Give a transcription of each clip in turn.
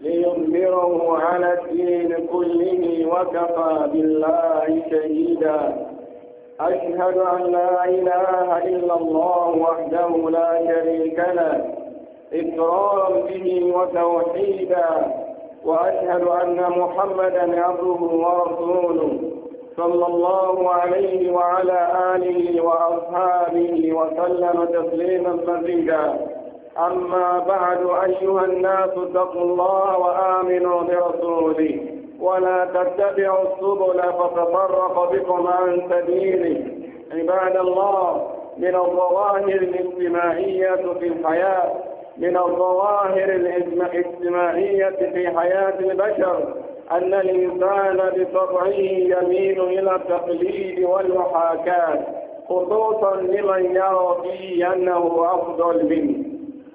ليظهره على الدين كله وكفى بالله شهيدا أشهد أن لا إله إلا الله وحده لا شريك له إكرارا به وتوحيدا وأشهد أن محمدا عبده ورسوله صلى الله عليه وعلى آله وأصحابه وسلم تسليما مزيدا أما بعد أيها الناس اتقوا الله وآمنوا برسوله ولا تتبعوا السبل فتفرق بكم عن سبيله عباد الله من الظواهر الاجتماعية في الحياة من الظواهر الاجتماعية في حياة البشر أن الإنسان بطبعه يميل إلى التقليد والمحاكاة خصوصا لمن يرى فيه أنه أفضل منه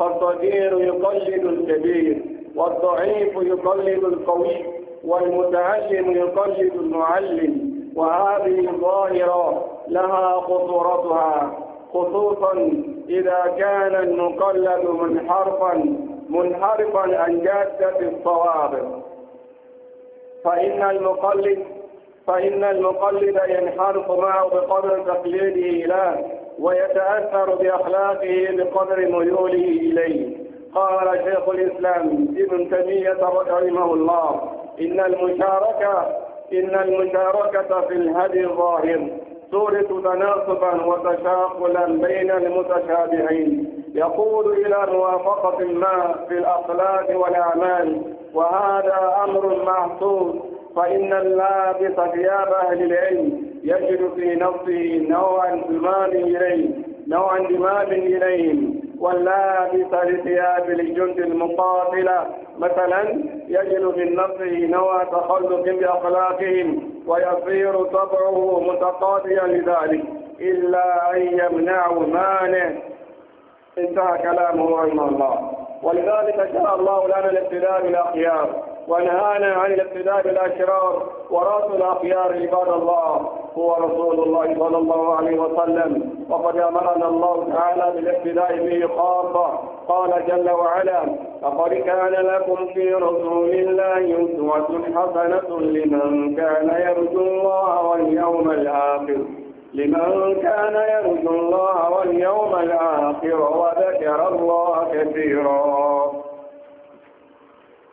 فالصغير يقلد الكبير والضعيف يقلد القوي والمتعلم يقلد المعلم وهذه الظاهرة لها خطورتها خصوصا إذا كان المقلد منحرفا منحرفا عن جادة الصواب فإن المقلد فإن المقلد ينحرف معه بقدر تقليده له ويتأثر بأخلاقه بقدر ميوله إليه قال شيخ الإسلام ابن تيمية رحمه الله إن المشاركة إن المشاركة في الهدي الظاهر تورث تناسبا وتشاقلا بين المتشابهين يقول إلى موافقة ما في الأخلاق والأعمال وهذا أمر محسوس فإن اللابس ثياب أهل العلم يجد في نفسه نوعا دمام إليه نوعا دمام إليهم واللابس لثياب الجند المقاتلة مثلا يجد في نفسه نوع تخلق بأخلاقهم ويصير طبعه متقاضيا لذلك إلا أن يمنع مانع انتهى كلامه رحمه الله ولذلك شاء الله لنا الابتداء بالأخيار ونهانا عن الاقتداء بالأشرار وراس الأخيار عباد الله هو رسول الله صلى الله عليه وسلم وقد أمرنا الله تعالى بالاقتداء به خاصة قال جل وعلا لقد كان لكم في رسول الله أسوة حسنة لمن كان يرجو الله واليوم الآخر لمن كان يرجو الله واليوم الآخر وذكر الله كثيرا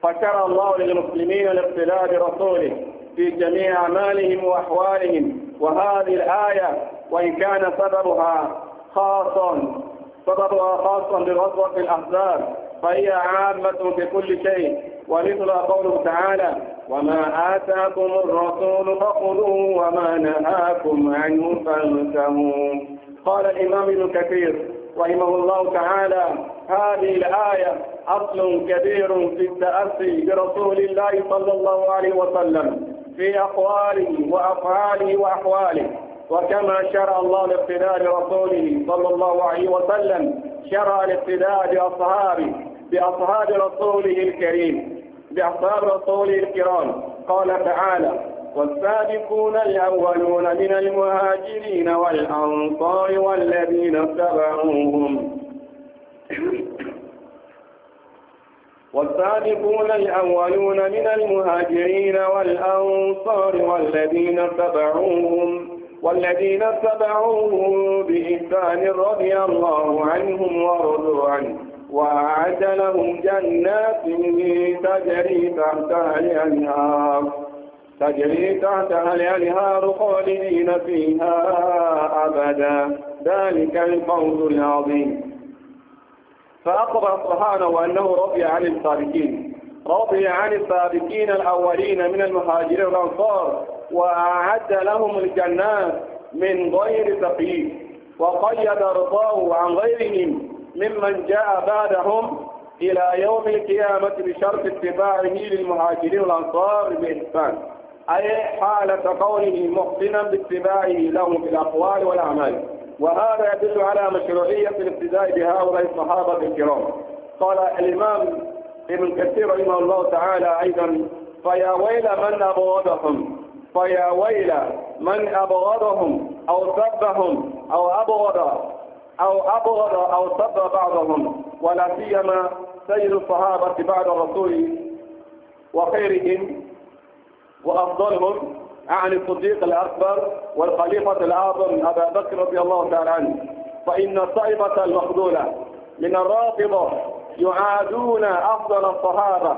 فكر الله للمسلمين الابتلاء برسوله في جميع أعمالهم وأحوالهم وهذه الآية وإن كان سببها خاصا سببها خاصا بغزوة الأحزاب فهي عامة في كل شيء ومثل قوله تعالى وما آتاكم الرسول فخذوه وما نهاكم عنه فانتهوا قال الإمام ابن كثير رحمه الله تعالى هذه الآية أصل كبير في التأسي برسول الله صلى الله عليه وسلم في أقواله وأفعاله وأحواله وكما شرع الله الاقتداء برسوله صلى الله عليه وسلم شرع الاقتداء بأصحابه بأصحاب رسوله الكريم بأصحاب رسوله الكرام قال تعالى والسابقون الأولون من المهاجرين والأنصار والذين اتبعوهم والسابقون الأولون من المهاجرين والأنصار والذين اتبعوهم والذين اتبعوهم بإحسان رضي الله عنهم ورضوا عنه وأعد لهم جنات تجري تحتها الأنهار تجري تحتها الأنهار خالدين فيها أبدا ذلك الفوز العظيم فأخبر سبحانه وأنه رضي عن السابقين رضي عن السابقين الأولين من المهاجرين والأنصار وأعد لهم الجنات من غير تقييد وقيد رضاه عن غيرهم ممن جاء بعدهم إلى يوم القيامة بشرط اتباعه للمهاجرين والأنصار بإحسان أي حالة قوله محسنا باتباعه لهم في الأقوال والأعمال وهذا يدل على مشروعية الابتداء بهؤلاء الصحابة الكرام قال الإمام ابن كثير رحمه الله تعالى أيضا فيا ويل من أبغضهم فيا ويل من أبغضهم أو سبهم أو أبغض أو أبغض أو سب بعضهم ولا سيما سيد الصحابة بعد الرسول وخيرهم وأفضلهم عن الصديق الأكبر والخليفة الأعظم أبا بكر رضي الله تعالى عنه فإن الطائفة المخذولة من الرافضة يعادون أفضل الصحابة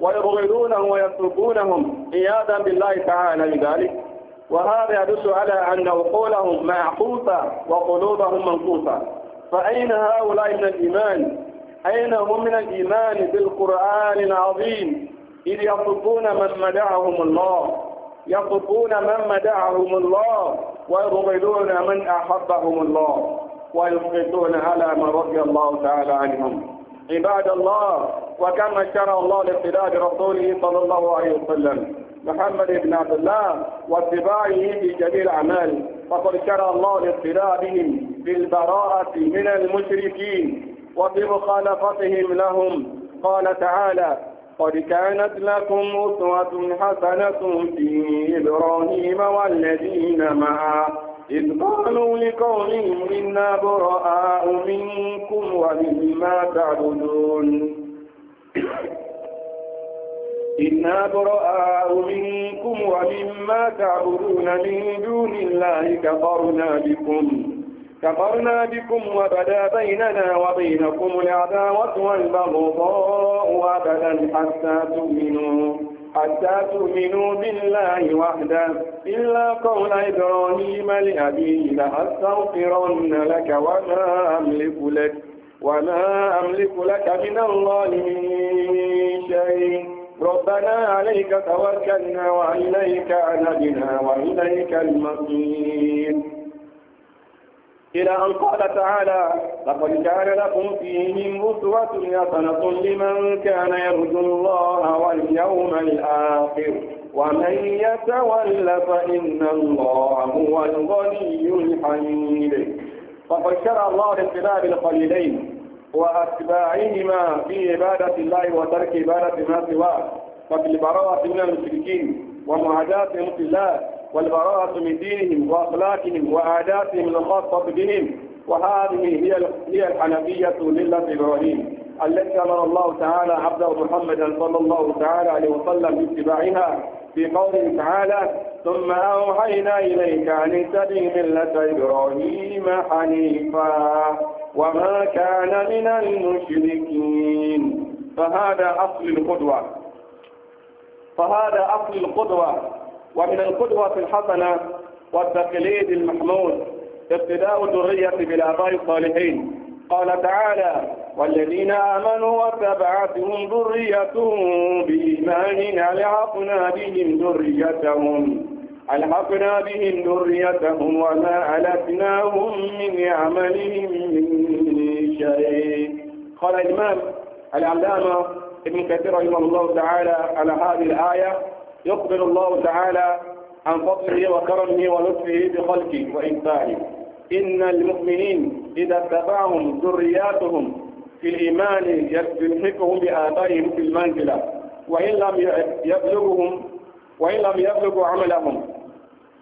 ويبغضونهم ويتركونهم عياذا بالله تعالى لذلك وهذا يدل على أن عقولهم معقوسة وقلوبهم منقوصة فأين هؤلاء من الإيمان؟ أين هم من الإيمان بالقرآن العظيم إذ يصفون من منعهم الله يقطون من مدعهم الله ويبغضون من أحبهم الله ويسقطون على من رضي الله تعالى عنهم عباد الله وكما شرع الله لاقتداء رسوله صلى الله عليه وسلم محمد بن عبد الله واتباعه في جميع الأعمال فقد شرع الله الاقتداء بهم بالبراءة من المشركين وبمخالفتهم لهم قال تعالى قد كانت لكم أسوة حسنة في إبراهيم والذين معه إذ قالوا لقومهم إنا براء منكم ومما تعبدون إنا براء منكم ومما تعبدون من دون الله كفرنا بكم كفرنا بكم وبدا بيننا وبينكم العداوة والبغضاء أبدا حتى تؤمنوا حتى تؤمنوا بالله وحده إلا قول إبراهيم لأبيه لأستغفرن لك وما أملك لك وما أملك لك من الله من شيء ربنا عليك توكلنا وإليك أنبنا وإليك المصير إلى أن قال تعالى لقد كان لكم فيهم أسوة حسنة لمن كان يرجو الله واليوم الآخر ومن يتول فإن الله هو الغني الحميد فقد شرع الله الابتلاء بالقليلين وأتباعهما في عبادة الله وترك عبادة ما سواه وفي البراءة من المشركين ومعاداتهم في الله والبراءة من دينهم وأخلاقهم وعاداتهم الخاصة بهم وهذه هي هي الحنفية ملة إبراهيم التي أمر الله تعالى عبده محمدا صلى الله تعالى عليه وسلم باتباعها في قوله تعالى ثم أوحينا إليك أن اتبع ملة إبراهيم حنيفا وما كان من المشركين فهذا أصل القدوة فهذا أصل القدوة ومن القدوة الحسنة والتقليد المحمود اقتداء الذرية بالآباء الصالحين قال تعالى والذين آمنوا واتبعتهم ذريتهم بإيمان ألحقنا بهم ذريتهم ألحقنا بهم ذريتهم وما ألتناهم من عملهم من شيء قال الإمام العلامة ابن كثير رحمه الله تعالى على هذه الآية يقبل الله تعالى عن فضله وكرمه ولطفه بخلقه وإنفاعه إن المؤمنين إذا اتبعهم ذرياتهم في الإيمان يلحقهم بآبائهم في المنزلة وإن لم يبلغهم وإن لم يبلغوا عملهم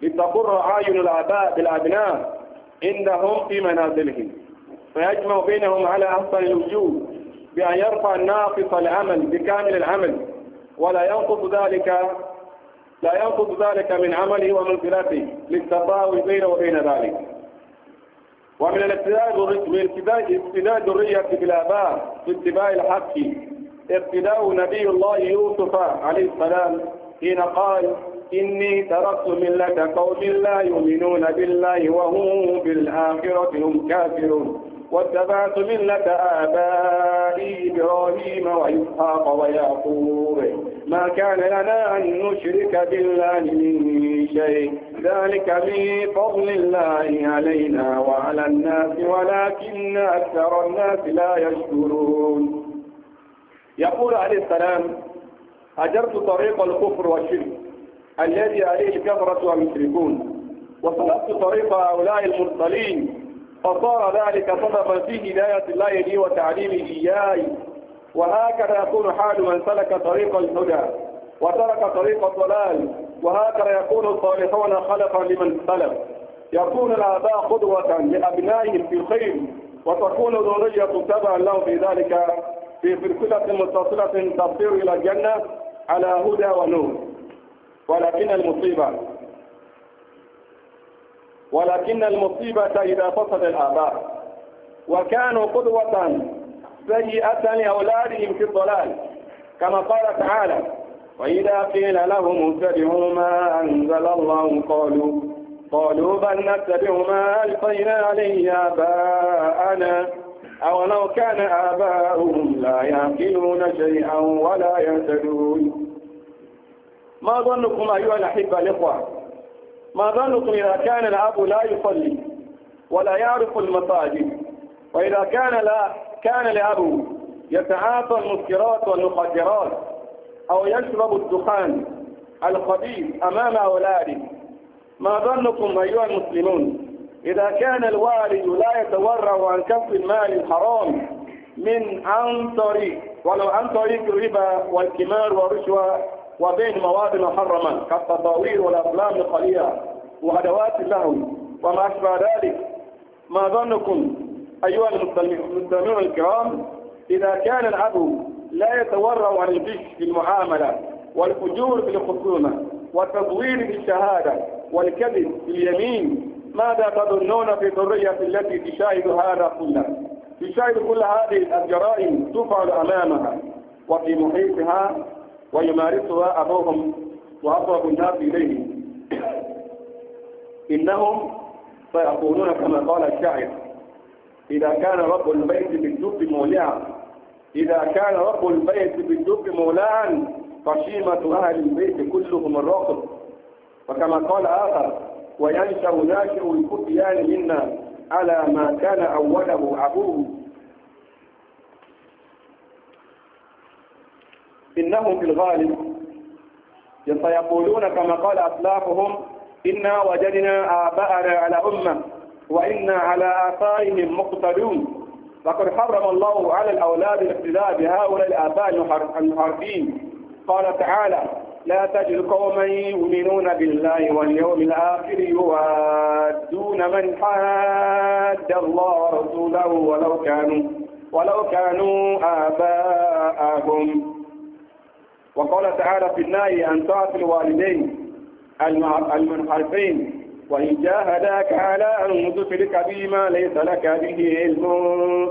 لتقر أعين الآباء بالأبناء عندهم في منازلهم فيجمع بينهم على أحسن الوجوه بأن يرفع ناقص العمل بكامل العمل ولا ينقص ذلك لا ينقض ذلك من عمله ومنزلته للتطاوي بينه وبين ذلك ومن الابتداء ابتداء الذرية بالآباء في اتباع الحق ابتداء نبي الله يوسف عليه السلام حين قال إني تركت ملة قوم لا يؤمنون بالله وهم بالآخرة هم كافرون واتبعت ملة آبائي إبراهيم وإسحاق ويعقوب ما كان لنا أن نشرك بالله من شيء ذلك من فضل الله علينا وعلى الناس ولكن أكثر الناس لا يشكرون يقول عليه السلام أجرت طريق الكفر والشرك الذي عليه الكفرة والمشركون وصلت طريق هؤلاء المرسلين فصار ذلك سببا في هداية الله لي وتعليمه إياي وهكذا يكون حال من سلك طريق الهدى وترك طريق الضلال وهكذا يكون الصالحون خلفا لمن سلف يكون الآباء قدوة لأبنائهم في الخير وتكون ذرية تبعا لهم في ذلك في سلسلة متصلة تصير إلى الجنة على هدى ونور ولكن المصيبة ولكن المصيبة إذا فصل الآباء وكانوا قدوة سيئة لأولادهم في الضلال كما قال تعالى وإذا قيل لهم اتبعوا ما أنزل الله قالوا قالوا بل نتبع ما ألقينا عليه آباءنا أولو كان آباؤهم لا يعقلون شيئا ولا يهتدون ما ظنكم أيها الأحبة الإخوة ما ظنكم إذا كان الأب لا يصلي ولا يعرف المساجد وإذا كان لا كان الأب يتعاطى المسكرات والمخدرات أو يشرب الدخان الخبيث أمام أولاده ما ظنكم أيها المسلمون إذا كان الوالد لا يتورع عن كف المال الحرام من عن طريق ولو عن طريق الربا والكمار والرشوة وبين مواد محرمة كالتصاوير والأفلام القليلة وأدوات اللهو وما أشبه ذلك ما ظنكم أيها المستمعون الكرام إذا كان العدو لا يتورع عن الغش في المعاملة والفجور في الخصومة والتزوير في الشهادة والكذب في اليمين ماذا تظنون في الذرية التي تشاهد هذا كله تشاهد كل هذه الجرائم تفعل أمامها وفي محيطها ويمارسها أبوهم وأقرب الناس إليه إنهم سيقولون كما قال الشاعر إذا كان رب البيت بالدب مولعا إذا كان رب البيت بالدب مولعا فشيمة أهل البيت كلهم الراقب وكما قال آخر وينشأ ناشئ الكتيان منا على ما كان أوله أبوه إنهم في الغالب فيقولون كما قال أسلافهم إنا وجدنا آباءنا على أمة وإنا على آثارهم مقتدون لقد حرم الله على الأولاد الاقتداء بهؤلاء الآباء المحاربين قال تعالى لا تجد قوما يؤمنون بالله واليوم الآخر يوادون من حاد الله ورسوله ولو كانوا ولو كانوا آباءهم وقال تعالى في النهي أن طاعة الوالدين المنحرفين وإن جاهداك على أن تشرك بما ليس لك به علم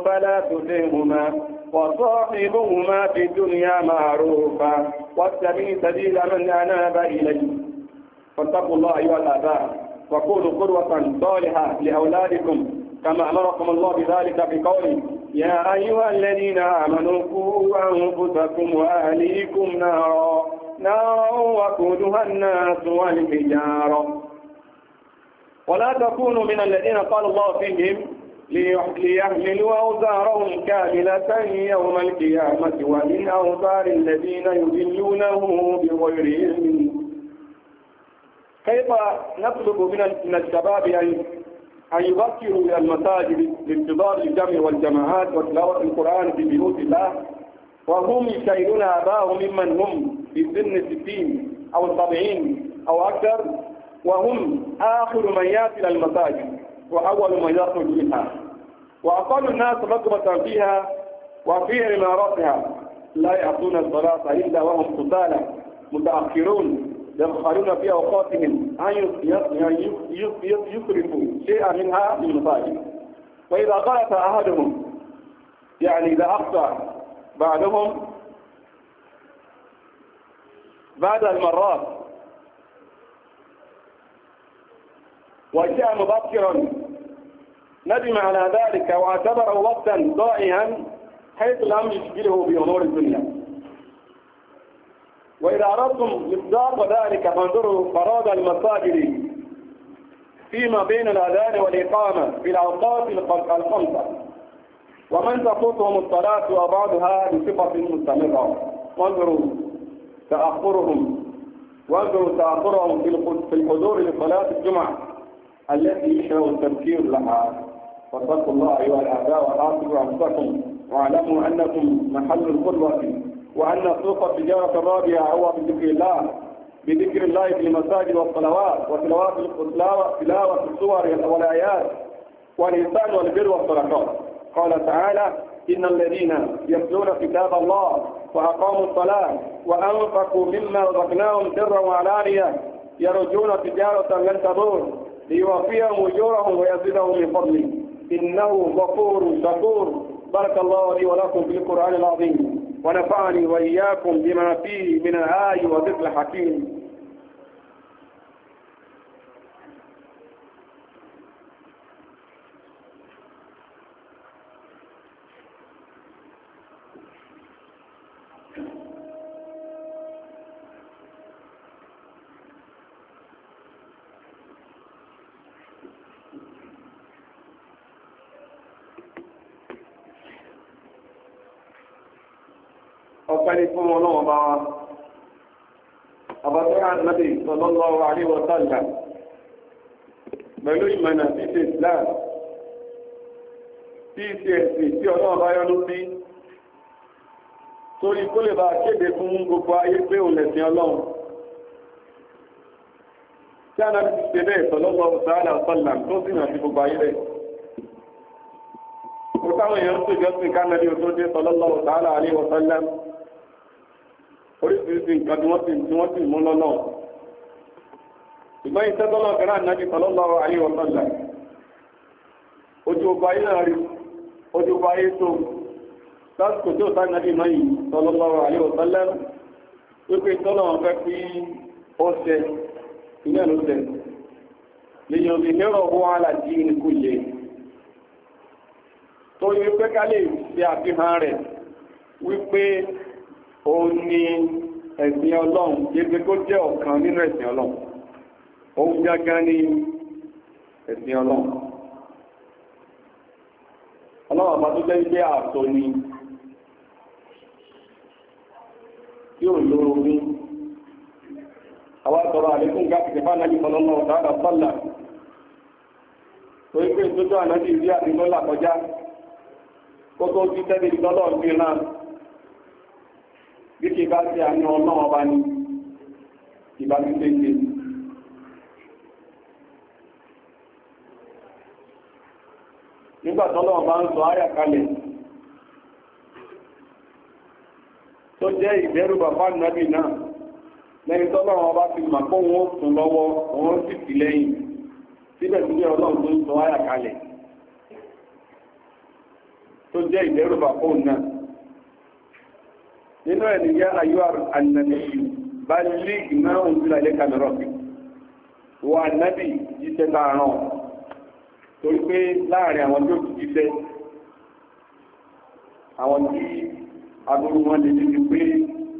فلا تطعهما وصاحبهما في الدنيا معروفا واتبع سبيل من أناب إليه فاتقوا الله أيها الآباء وكونوا قدوة صالحة لأولادكم كما أمركم الله بذلك في قوله يا أيها الذين آمنوا قوا أنفسكم وأهليكم نارا نارا وقودها الناس والحجارة ولا تكونوا من الذين قال الله فيهم ليحملوا أوزارهم كاملة يوم القيامة ومن أوزار الذين يذلونه بغير علم كيف نطلب من الشباب أن أن يبكروا إلى المساجد لانتظار الجمع والجماعات وتلاوة القرآن في بيوت الله وهم يشاهدون آباءهم ممن هم في سن الستين أو السبعين أو أكثر وهم آخر من يأتي إلى المساجد وأول من يخرج منها وأقل الناس رغبة فيها وفي عماراتها لا يأتون الصلاة إلا وهم قتالة متأخرون يبخلون في أوقاتهم أن يصرفوا شيئا منها للمصائب وإذا غلط أحدهم يعني إذا أخطأ بعضهم بعد المرات وجاء مبكرا ندم على ذلك واعتبره وقتا ضائعا حيث لم يشغله بأمور الدنيا وإذا أردتم مصداق ذلك فانظروا فراد المساجد فيما بين الأذان والإقامة في الأوقات الخمسة ومن تفوتهم الصلاة وبعضها بصفة مستمرة وانظروا تأخرهم وانظروا تأخرهم في الحضور لصلاة الجمعة التي يشرع التفكير لها فاتقوا الله أيها الأعداء وحافظوا أنفسكم واعلموا أنكم محل القدوة وأن سوق التجارة الرابعة هو بذكر الله بذكر الله في المساجد والصلوات وصلوات تلاوة الصور والآيات والإنسان والبر والصدقات قال تعالى إن الذين يتلون كتاب الله وأقاموا الصلاة وأنفقوا مما رزقناهم سرا وعلانية يرجون تجارة لن تضر ليوفيهم أجورهم ويزيدهم من فضله إنه غفور شكور بارك الله لي ولكم في القرآن العظيم ونفعني وإياكم بما فيه من الآي وذكر الحكيم ọpẹ́ fún ọlọ́wọ́n bá wa àbátọ́ ànábì sallallahu alaihi wa sallam pẹ̀lú ìmọ̀nà tí ṣe islam tí ṣe ẹ̀sìn tí ọlọ́wọ́n bá yọ́nú sí torí kó lè bá kéde fún gbogbo ayé pé òun lẹ̀sìn ọlọ́run tí ànábì ti tó sì nà sí òtó dé sallallahu alaihi wa sallam oríṣiríṣi nǹkan tí wọ́n sì tí wọ́n sì mú lọ́nà ṣùgbọ́n iṣẹ́ tọ́lọ́ fẹ́ràn ànábì sallallahu alaihi wa sallam ojú ọba ayé náà rí ojú ọba ayé tó lásìkò tí ó sáré nàbí mọ́ yìí sallallahu alaihi wa sallam wípé tọ́lọ́ fẹ́ fi ọ̀sẹ̀ ìyẹn ló tẹ̀ lèyàn lè lérò wọ́n aládìí ní kò yẹ tó yẹ pé ká lè ṣe àfihàn rẹ̀ wípé ó ní ẹ̀sìn ọlọ́run gẹ́gẹ́ kó jẹ́ ọ̀kan nínú ẹ̀sìn ọlọ́run òun gángan ní ẹ̀sìn ọlọ́run ọlọ́run àbá tó jẹ́ ni tí ò lórogún àwọn àtọ̀rọ̀ àlékún gáàkì bá náà ìfọ̀lọ́nà ọ̀tàdà tó ipé ìtójú ànájì bí kì bá ti àánú ọlọ́wọ́ bá ní ìbámúgbéńgbé nígbàtọ́lọ́wọ́ bá ń sọ áyà kalẹ̀ tó jẹ́ ìdẹ́rù bàbá nàbì náà lẹ́yìn tọ́lọ́wọ́ bá ti mà kó wọn sùn lọ́wọ́ wọn sì fi lẹ́yìn síbẹ̀síbẹ̀ ọlọ́run tó ń sọ áyà kalẹ̀ tó jẹ́ ìdẹ́rù bàbá náà nínú ẹ̀ nìyá ayọ́ ànàbí bá lé ìmọ̀ òǹtúlà ilé kàmẹ́rọ̀ bí wọ ànàbí jíṣẹ́ láàárọ̀ torí pé láàrin àwọn tó ti jíṣẹ́ àwọn tí agbóró wọn lè ti pé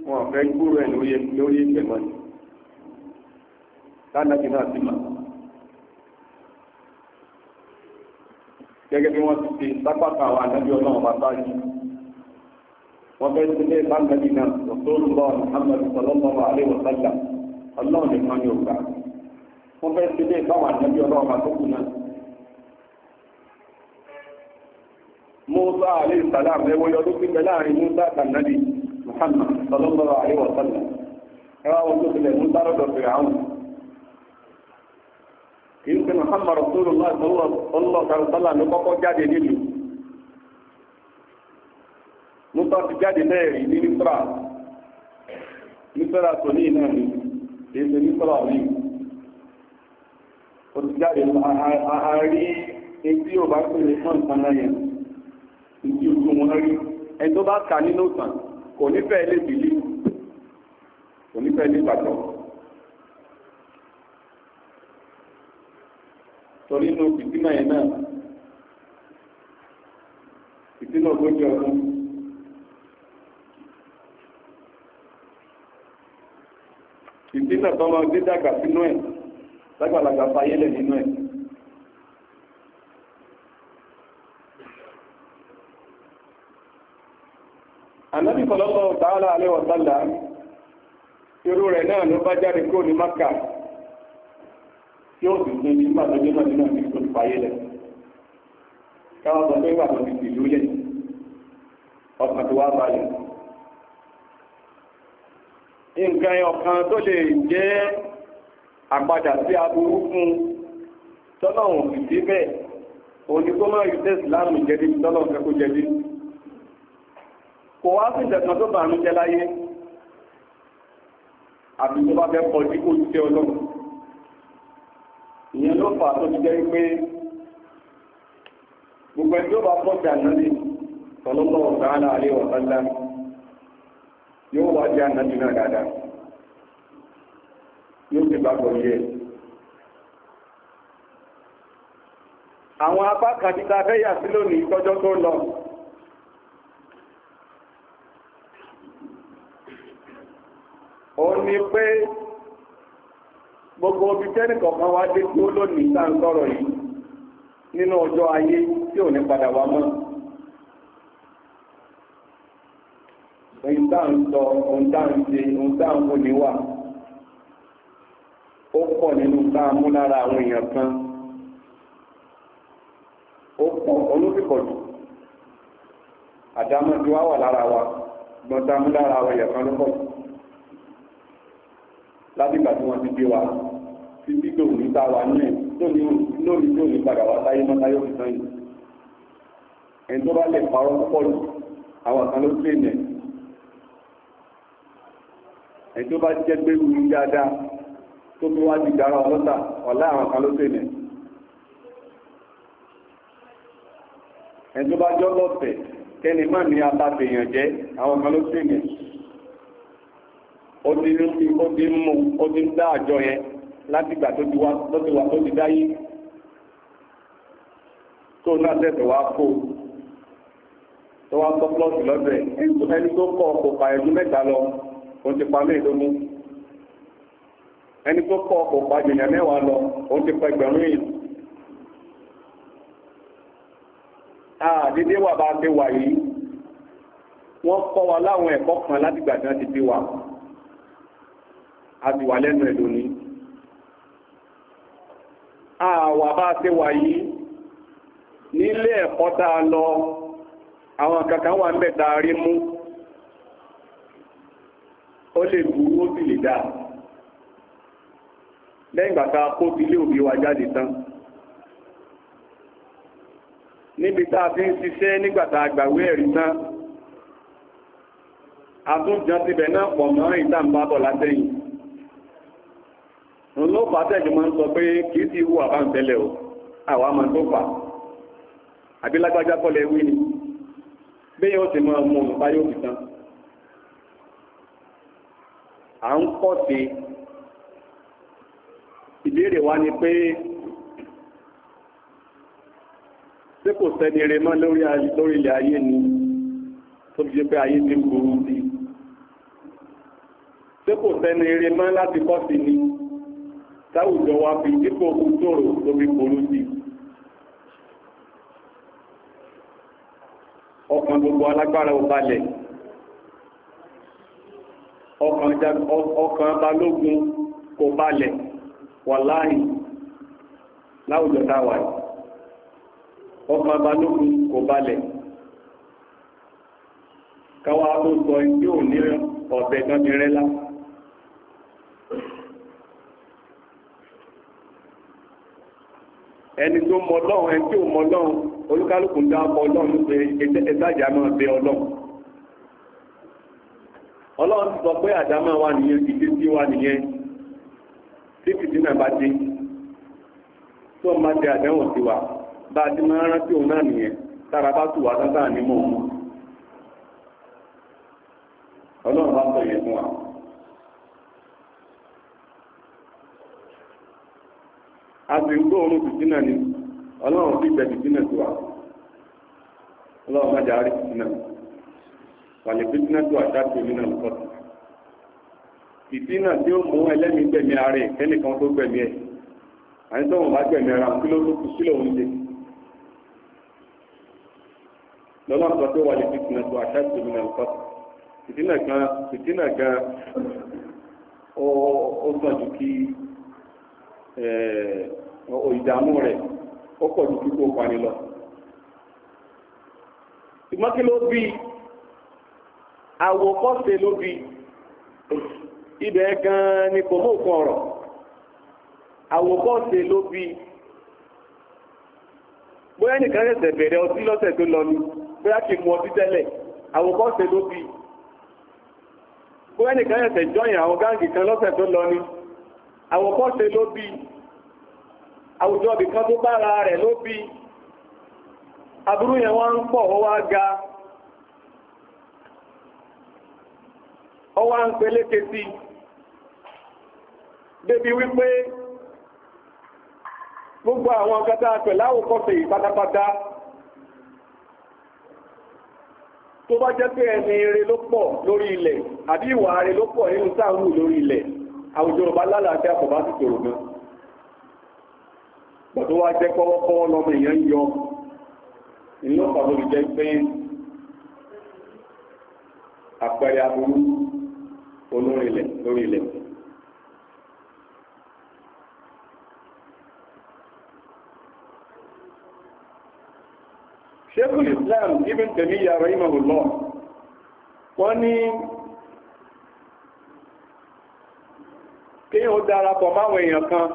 wọn fẹ́ gbúrò ẹ̀ lórí ìgbẹ̀mọ́ ni lánàbí náà ti mà gẹ́gẹ́ bí wọ́n ti ṣe sápá وبيت الله قال مدينة رسول الله محمد صلى الله عليه وسلم الله لمن يوقع وبيت الله طبعا النبي الله ما موسى عليه السلام هو يدوك بلاه موسى النبي محمد صلى الله عليه وسلم هو الله موسى في عون يمكن محمد رسول الله صلى الله عليه وسلم لقد جاء دليل tó ti jáde lẹ́ẹ̀rí ní nítorá nítorá tó ní iná ni èyí tó nítorá rí ó ti jáde àárí etí ò bá pè ní fún ìtàn náà yẹn ìdí ojú wọn rí ẹni tó bá kà nínú ìtàn kò nífẹ̀ẹ́ lè bìlí kò nífẹ̀ẹ́ lè gbàgbọ́ torí inú fìtínà yẹn náà fìtínà ogójì ọdún ìgbésẹ̀ tó máa gbé dàgbà sínú ẹ̀ lágbàlagbà fayẹ́lẹ̀ nínú ẹ̀ ànábì sallallahu ta'ala alaihi wa sallam irú rẹ̀ náà ló bá jáde kúrò ní Mákà tí ó sì tún nígbà tó dé mọ́tò náà ní tó fàyè lẹ̀ káwọn sọ wà lórí nǹkan ọ̀kan tó lè jẹ́ àpadà sí aburú fún tọ́lọ̀hùn ìdí bẹ́ẹ̀ òní kó máa yùtẹ́ ìsìláàmù jẹ́dí tọ́lọ̀hùn fẹ́kó jẹ́dí kò wá sí ìdẹ̀kan tó bàánú jẹ́ láyé àbí tó bá fẹ́ kọjú kó jẹ́ ọlọ́run ìyẹn ló fà tó ti jẹ́ pé gbogbo ẹni tó bá pọ̀ sí àná lè tọ́lọ́lọ́ ọ̀gá àlẹ́ ọ̀sán dáná yóò wá jẹ́ ànájú náà dáadáa yóò ti bá gbọ́ yẹ àwọn apá kàtíta fẹ́ yà sí lónìí tọ́jọ́ tó lọ ó ní pé gbogbo obi tẹ́nì kọ̀ọ̀kan wá dé tí ó lónìí sáà ń sọ̀rọ̀ yìí nínú ọjọ́ ayé tí ò ní padà wá mọ́ ohun tá ń sọ ohun tá ń ṣe ohun tá ń wọlé wà ó pọ̀ nínú tá a mú lára àwọn èèyàn kan ó pọ̀ olóṣìpọ̀ jù àdámọ́ tí wá wà lára wa gbọ́n tá a mú lára àwọn èèyàn kan ló pọ̀ jù látìgbà tí wọ́n ti gbé wa tí dídò ní tá a wà ní ẹ̀ lórí tó ní padà ètò bá jẹ́ gbé wúrú dáadáa tó fi wá di dára ọlọ́ta ọ̀lá àwọn kan ló tẹ̀lé ẹ̀tọ́ bá jọ́ lọ́tẹ̀ kẹ́ni má ní abáfèèyàn jẹ́ àwọn kan ló tẹ̀lé ó ti ń mú ó ti ń dá àjọ yẹn láti ìgbà tó ti wá tó ti dáyé tó náà tẹ̀sẹ̀ wá kó tó wá tọ́ plọ́ọ̀tì lọ́dọ̀ ẹ̀ ẹni tó kọ́ ọkọ̀ pàyẹ̀dú mẹ́ta lọ òun ti pa mẹ́ẹ̀ẹ́dógún ẹni tó kọ́ ọkọ̀ pa jìyàn mẹ́wàá lọ òun ti pa ẹgbẹ̀rún èèyàn àdédé wà bá ti wà yìí wọ́n kọ́ wa láwọn ẹ̀kọ́ kan láti gbà tí wọ́n ti fi wà a ti wà lẹ́nu ẹ̀ lónìí àwà bá ti wà yìí nílé ẹ̀kọ́ tá a lọ àwọn kankan wà ń bẹ̀ tá a rí mú ó lè burú ó sì lè dáa lẹ́yìn kó ti lé òbí wa jáde tán níbi a fi ń ṣiṣẹ́ nígbàtà àgbàwé ẹ̀rí tán àtúnjàn tibẹ̀ náà pọ̀ mọ́rin ìtàǹbábọ̀ látẹ̀yìn ló fà tẹ́jù máa ń sọ pé kìí sí o máa tó fà àbílágbájá kọ́lẹ̀ wí ni bí yóò ti máa mú fi a ń kọ́ sí ìbéèrè wa ni pé tí kò sẹ́ni rẹ mọ́ lórí ilẹ̀ ayé ni tó fi ṣe pé ayé ti ń burú sí tí kò sẹ́ni rẹ mọ́ láti kọ́ sí ni táwùjọ wa fi dípò ohun tòrò tó fi burú sí ọkàn gbogbo alágbára ò ọkàn balógun kò balẹ̀ wàláhì láwùjọ táwà ọkàn balógun kò balẹ̀ káwà tó sọ tí ò ní ọ̀bẹ ẹni tó mọ ẹni tí ò mọ ọlọ́run ti sọ pé àdámà wà nìyẹn títí tí wà nìyẹn tí tí náà bá dé tí ń bá jẹ àdéhùn sí wa bá a ti máa rántí òun náà nìyẹn tára bá tù wá sáńtà ní mọ̀ ọlọ́run bá sọ yẹn fún wa. a sì ń náà ni ọlọ́run náà sí wa ọlọ́run má jà náà. wàlẹ́bìtínà tó àdáko nínú ọ̀pọ̀tù ìdínà tí ó mú ẹlẹ́mìí gbẹ̀mí ààrẹ kẹ́nìkan tó gbẹ̀mí ẹ̀ àyẹ́ tó wọ́n bá gbẹ̀mí ara kí ló tó kù sílẹ̀ oúnjẹ lọ́nà sọ pé wàlẹ́bìtínà tó àdáko nínú ọ̀pọ̀tù ìdínà gan ìdínà gan ó sàn jù kí ìdààmú rẹ̀ ó pọ̀ ju kíkó pani lọ ṣùgbọ́n ló bí àwòkọ́ṣe ló bi ibẹ̀ gan ni kò mú nǹkan ọ̀rọ̀ àwòkọ́ṣe ló bi bóyá nìkan ṣẹ̀ṣẹ̀ bẹ̀rẹ̀ ọtí lọ́sẹ̀ tó lọ ni bóyá kì í mu ọtí tẹ́lẹ̀ àwòkọ́ṣe ló bi bóyá nìkan ṣẹ̀ṣẹ̀ jọyìn àwọn kan lọ́sẹ̀ tó lọ ni ló bi àwùjọ ibìkan tó bára rẹ̀ ló bi ga ọwá ń peléke sí débi wípé gbogbo àwọn kẹta pẹ̀lú àwòkọ́fẹ̀ pátápátá tó bá jẹ́ pé ẹni eré ló pọ̀ lórí ilẹ̀ àbí ìwà rẹ̀ ló pọ̀ nínú sáàrù lórí ilẹ̀ àwùjọ bá lálàáfẹ́ àpọ̀bá sì tòrò gan bọ̀tọ́ wá jẹ́ kọ́wọ́kọ́wọ́ lọ́mọ èèyàn yọ ìlú ọ̀pàá lórí jẹ́ pé àpẹẹrẹ aburú olórinlẹ̀ lórílẹ̀. Sheikhul Islam Ibn Taymiyyah rahimahullah wọ́n ní kí ó darapọ̀ máwọn èèyàn kan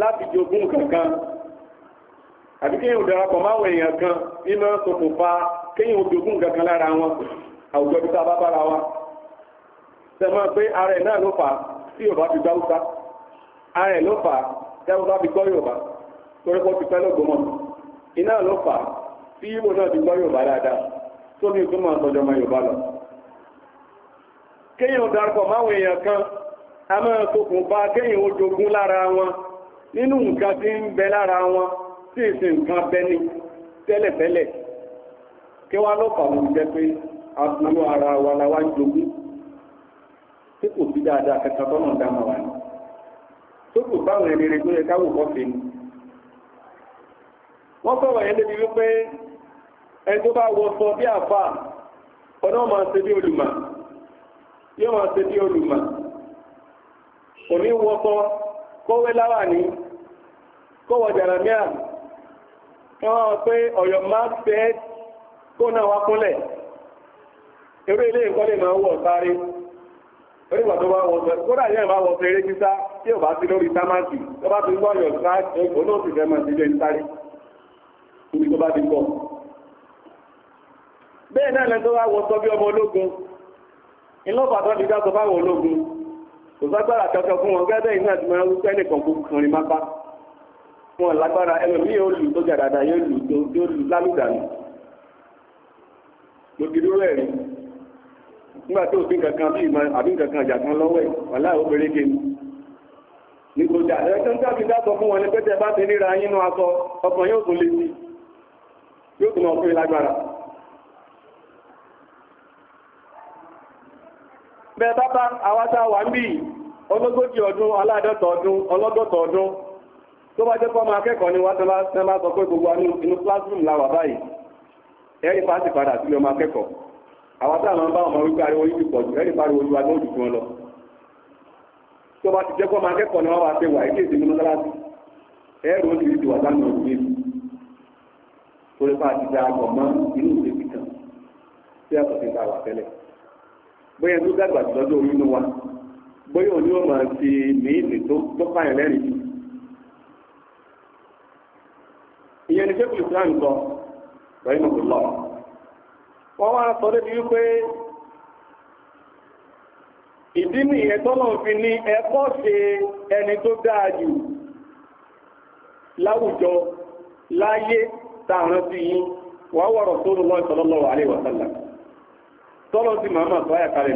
láti jogún kankan àbí kí ó darapọ̀ máwọn èèyàn kan nínú ṣokùnfà kí ó jogún kankan lára wọn àwùjọ bí sábábára wa. tẹ̀mọ́ pé ara ẹ̀ náà ló fà á tí Yorùbá fi gbá ara ẹ̀ ló fà á tí fi gbọ́ Yorùbá torí pọ́ ti pẹ́ lọ́gbọ́mọ̀ iná ló fà tí náà gbọ́ Yorùbá dáadáa tó ní ìtumọ̀ àtọ́jọ́ lọ. darapọ̀ máwọn èèyàn kan a máa tókùn bá kéèyàn ó lára wọn nínú nǹkan tí ń bẹ lára wọn tí ìsìn nǹkan tẹ́lẹ̀tẹ́lẹ̀ ara wa la tí kò sí dáadáa kẹta tọ́nà dámà wà ní tó báwọn ẹni tó yẹ káwò ni wọ́n sọ̀rọ̀ yẹn débi wípé ẹni tó bá wọ sọ bí àfà ọ̀nà máa ṣe bí olùmọ̀ yóò ma ṣe bí wọ sọ láwà ní jàràmíà pé ọ̀yọ̀ fẹ́ kó náà wá kúnlẹ̀ eré ilé ìkọ́lé onígbà tó bá wọ́n fẹ́ kódà yẹn bá wọ́n fẹ́ eré títà tí ò bá sí lórí támákì tó bá ti gbọ́ yọ̀ sá ẹgbẹ́ náà sì fẹ́ máa ti lé ń sáré níbi tó bá ti gbọ́. bẹ́ẹ̀ náà lẹ́tọ́ wá wọ́n sọ bí ọmọ ológun ìlọ́pàá tó ti dá sọ fáwọn ológun kò ságbára kankan fún wọn gẹ́gẹ́ iná ti máa ń wúkẹ́ nìkan kó kàn rí mápá wọn lágbára ẹlòmíì yóò lù tó gàdàdà yóò lù tó lálùdànù lókè dúró ẹ̀rí nígbà tó òfin kankan bí ìmọ̀ àbí kankan ìjà kan lọ́wọ́ ẹ̀ wàlá obìnrin kìíní ní kò jà ẹ̀ẹ́tọ́ ń tàbí dátọ̀ fún wọn ní pẹ́tẹ́ bá ti ríra yínú aṣọ ọkàn yóò tún lè sí yóò tún ọkùnrin lágbára bẹ́ẹ̀ bábá awátá wà ń bí ọlọ́gójì ọdún aládọ́tọ̀ ọdún ọlọ́gọ́tọ̀ ọdún tó bá jẹ́ fọ́mọ akẹ́kọ̀ọ́ ni wá tán bá sọ pé gbogbo inú classroom la wà báyìí ẹ̀rí fásitì padà sílé ọmọ akẹ́kọ̀ọ́ àwọn táwọn bá ọmọ wípé ariwo yìí ti pọ̀ jù ẹni pariwo ju agbóhùn tuntun wọn lọ tó bá ti jẹ́ kọ́ máa kẹ́kọ̀ọ́ ni wọ́n wá ṣe wà ní kéde nínú kíláàsì ẹ̀rù ó ti di wà sáà nínú ìwé mi torí pa àti da àgbọ̀ mọ́ inú ìwé mi tí a kò ti ta wà tẹ́lẹ̀ bóyá tó dàgbà lọ́jọ́ orí inú wa bóyá òní ó máa ti ní ìlè tó tó fàyàn lẹ́rìn jù ìyẹn ni fẹ́kùlù Islam sọ rẹ́yìn ọ̀gbìn lọ́wọ́ wọ́n wá sọ débi wípé ìdí nìyẹn tọ́nà fi ní ẹ̀kọ́ ṣe ẹni tó dáa jù láwùjọ láyé tààrán sí yí wà wọ́rọ̀ tó wa tọ́lọ́ sí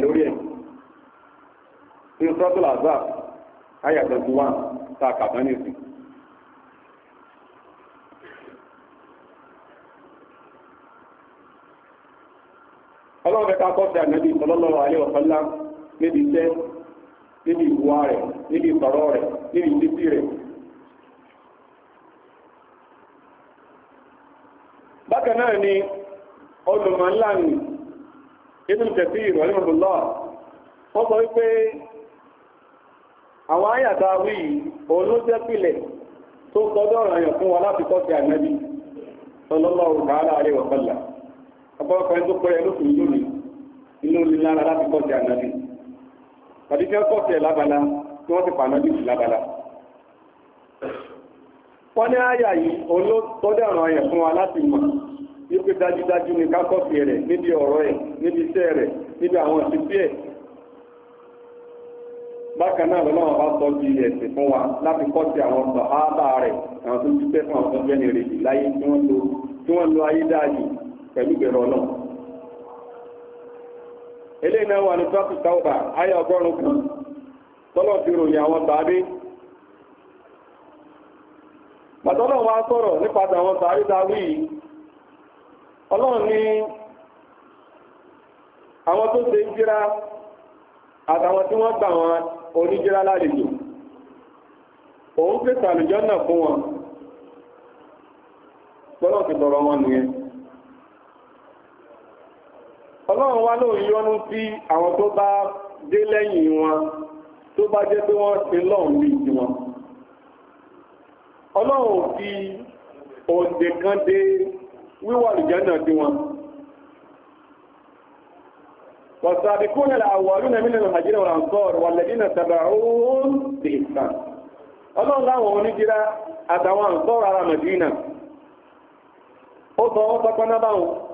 lórí ẹ̀ ní ọlọ́run fẹ́ ká kọ́sí ànábì sallallahu níbi iṣẹ́ níbi ìwà rẹ̀ níbi ìsọ̀rọ̀ rẹ̀ níbi ìdísí rẹ̀ bákan naanị ni olùmọ̀ ńlá ni Ibn Kathir ọ̀pọ̀lọpọ̀ ẹni tó pẹ́ ẹlòkùn inú mi inú mi lára láti kọ́ ti ànábì tàbí kí wọ́n kọ́ ti ẹ̀ lábala kí wọ́n ti pa ànábì sí lábala. wọ́n ní àyà yìí olótọ́dẹ̀ràn ẹ̀ fún wa láti mọ̀ wípé dájúdájú ni ká kọ́ ti rẹ̀ níbi ọ̀rọ̀ ẹ̀ níbi iṣẹ́ rẹ̀ níbi àwọn ìṣesí ẹ̀ bákan náà lọ́nà wọn bá sọ bí ẹ̀sìn fún wa láti kọ́ sí àwọn sàhábà rẹ̀ àwọn tó ti tẹ́ fún àwọn tó jẹ́ láyé tí wọ́n lo ayé dáa yìí pẹ̀lú ìbẹ̀rù ọlọ́run eléyìí náà ní sọ́ọ̀tù tàwùbà ayé ọgọ́rùn kan tọ́lọ̀ ti ròyìn àwọn pàtọ́lọ̀ nípa àwọn tàbí tàbí yìí ní àwọn tó jíra àtàwọn tí wọ́n gbà wọn oníjíra lálejò ọlọ́run wá yọ́nú sí àwọn tó bá dé lẹ́yìn wọn tó bá jẹ́ pé wọ́n ti lọ́run ní ìdí wọn ọlọ́run fi òǹdè kan dé wíwà ìjánà sí wọn والسابقون الأولون من المهاجرين والأنصار والذين تبعوهم wà ọlọ́run láwọn ó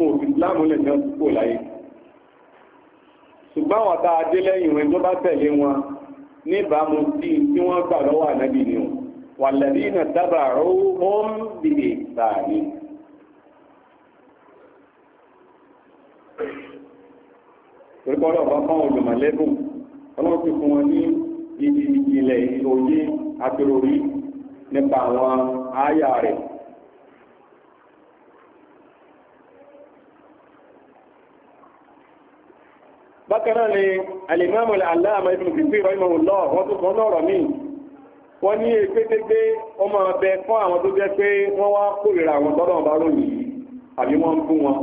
kò sí ìsìláàmù lè náà kò láyé ṣùgbọ́n àwọn tá a dé lẹ́yìn wọn tó bá tẹ̀lé wọn níbàámu sí tí wọ́n gbà lọ́wọ́ ànábì ni wọn wàlẹ́bí náà dábàá rọ́wọ́n bìbì ní bákan náà ni alimami aláàmà ibùdó kìí fìrọ ìmọ̀ lọ wọ́n tó sọ lọ́rọ̀ míì wọ́n ní èkétégbé ọmọ ọbẹ fún àwọn tó jẹ́ pé wọ́n wá kórìíra àwọn tọ́lọ̀ ọba ròyìn yìí àbí wọ́n ń bú wọn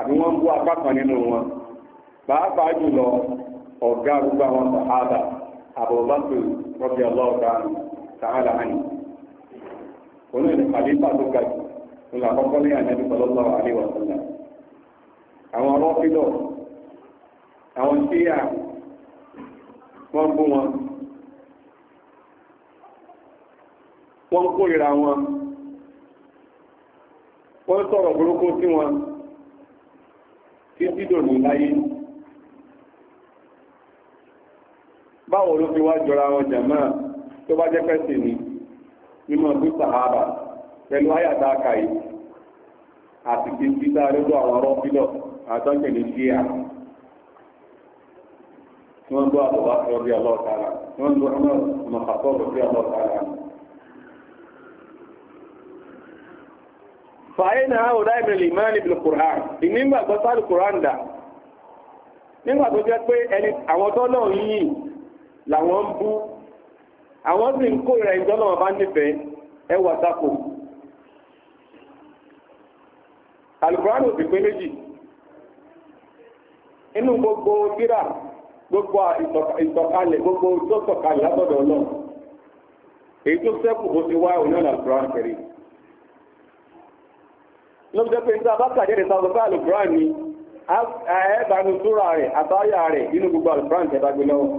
àbí wọ́n ń bú apá kan nínú wọn pàápàá jùlọ àwọn sàhádà àbọ̀bátò àwọn tí à wọ́n bú wọn wọ́n kórìíra wọn wọ́n sọ̀rọ̀ burúkú sí wọn tí dídòrò láyé báwo ló fi wá jọra wọn jàmáà tó bá jẹ́ pẹ́sì ni mímọ̀ sí sàhábà pẹ̀lú àyàtà àkàyè àti kí n fi dáa lójú àwọn ọ̀rọ̀ fílọ̀ àtọ́kẹ̀lẹ̀ sí àwọn tí wọ́n gbọ́ àbúrò àti ọbí ọlọ́ọ̀tara tí wọ́n gbọ́ ọmọ ọmọkàtọ́ ọbí ọlọ́ọ̀tara. fàáyínà àwọn ọ̀dá ìmìnlẹ̀ ìmáà níbi kùrán ìnígbà tó sáré kùrán dà nígbà tó jẹ́ pé ẹni àwọn tó náà yìí làwọn ń bú àwọn sì ń kórìíra ìjọ náà bá nífẹ̀ẹ́ ẹ wà sáko alukùrán ò sì pé méjì inú gbogbo bírà gbogbo ìtọ̀kalẹ̀ gbogbo tó tọ̀kalẹ̀ látọ̀dọ̀ ọlọ́run èyí tó sẹ́kù bó ti wá òun náà Quran kẹrì ló jẹ́ pé nígbà bá kàjẹ́rẹ̀ sàbọ̀bá Al-Quran ni ẹ̀ẹ́bàánu súra rẹ̀ àtàyà rẹ̀ nínú gbogbo Al-Quran tẹ́gbàgbé lọ́wọ́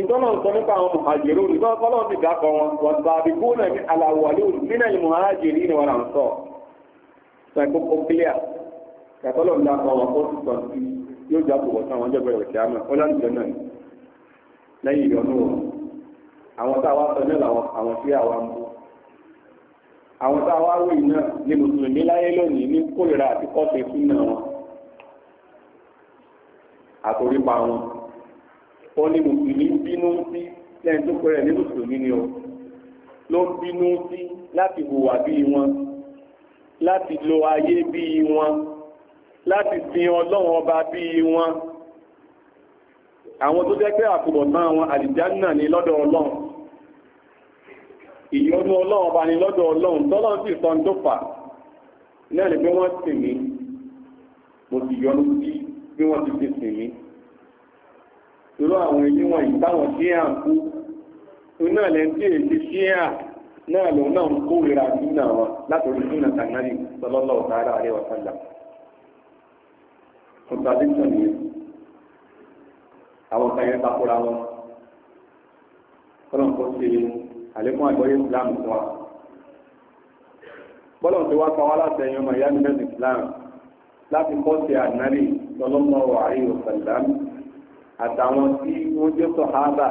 ìtọ́nà sọ nípa àwọn mùhàjìrì òní tọ́nà kọ́lọ́ ti dákọ̀ wọn wọ́n sàbí gómìnà ní aláwọ̀lẹ́ òní nínú ìmùhàjìrì ni wọ́n à ń sọ sọ ìkókó kílíà ń sọ sí yóò jábò wọ́n sáwọn ọjọ́ bẹ̀rẹ̀ òkè àmọ́ ó láti lẹ́yìn ìyọnú wọn àwọn tá a wá sọ náà làwọn àwọn tí àwa ń bú àwọn tá a wá wòye náà ni mùsùlùmí láyé lónìí ní kórìíra àti kọ́sẹ̀ fún náà wọn àtòrípa wọn ó ní mùsùlùmí bínú sí lẹ́yìn tó pẹ́rẹ́ ní mùsùlùmí ni o ló bínú sí láti hùwà bíi wọn láti lo ayé bíi wọn láti sin ọlọ́run ọba bí wọn àwọn tó jẹ́ pé àkùbọ̀tán wọn àlìjánà ní lọ́dọ̀ ọlọ́run ìyọ́nú ọlọ́run ọba ní lọ́dọ̀ ọlọ́run tọ́lọ́run sì sọ tó fà náà ni pé wọ́n sìn mí mo sì yọ́nú sí bí wọ́n ti fi sìn mí irú àwọn ilé wọn yìí táwọn sí à ń kú iná lẹ́yìn tí èyí sí à náà lòun náà ń kó ìrà sí náà wọn látòrí sí nàtàkárì sallallahu ta'ala alaihi wa sallam contradiction yẹn àwọn kan yẹn takora wọn kọ́nà kó ṣe àlékún àgbọ́yé Islam fún wa bọ́lọ̀ tí wá pa wá láti ẹ̀yìn ọmọ ìyá mi Islam láti kọ́ ṣe ànárì sallallahu alaihi wasallam àtàwọn tí wọ́n jẹ́ sọ̀hábà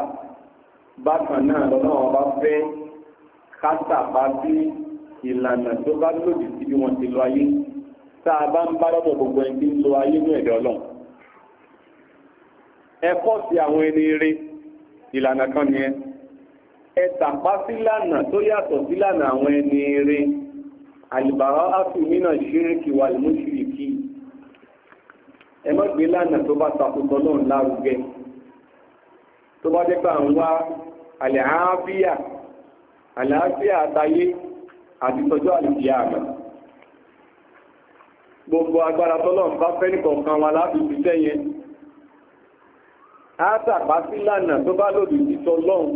bákan náà lọ́nà wọn bá fẹ́ kásà bá bí ìlànà tó bá lòdì sí bí wọ́n ti lọ ayé. tá bá ń gbogbo ẹni ń lo ayé ní sí àwọn ẹni ilana kan ni ẹ ẹ sílànà tó yàtọ̀ sílànà àwọn ẹni eré àlìbàrá áfì mínà ṣíríkì wà lóṣìríkì ẹ má gbé lànà tó bá takùtọ̀ lọ́run lárugẹ tó bá jẹ́ àlẹ́ àáfíà àti àgbà. gbogbo agbára tọ́lọ́run bá fẹ́ nìkọ̀ọ̀kan wa láti fi sẹ́yẹn átàpá sí lànà tó bá lòdì sí tọ́lọ́run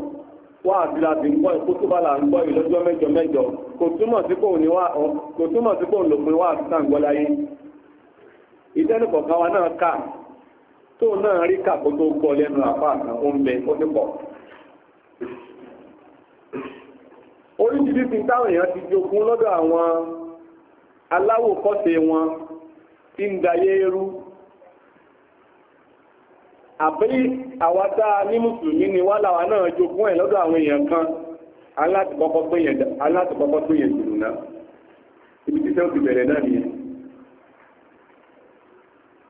wá àti láti ń gbọ́ ikú tó bá là ń gbọ́ ìlọ́jọ́ mẹ́jọ mẹ́jọ kò túmọ̀ sí kò ní wá ọ kò túmọ̀ sí kò lòpin wá àti sàǹgbọ́ láyé ìtẹ́nìkọ̀ọ̀kan wa náà kà tó náà rí aláwòkọ́ṣe wọn tí ń dayé rú àbí àwátá ní mùsùlùmí ni wá láwa náà jogún ẹ̀ lọ́dọ̀ àwọn èèyàn kan alátìkọ́kọ́ tó yẹn jùlù náà ibi títẹ́ ó ti bẹ̀rẹ̀ náà nìyẹn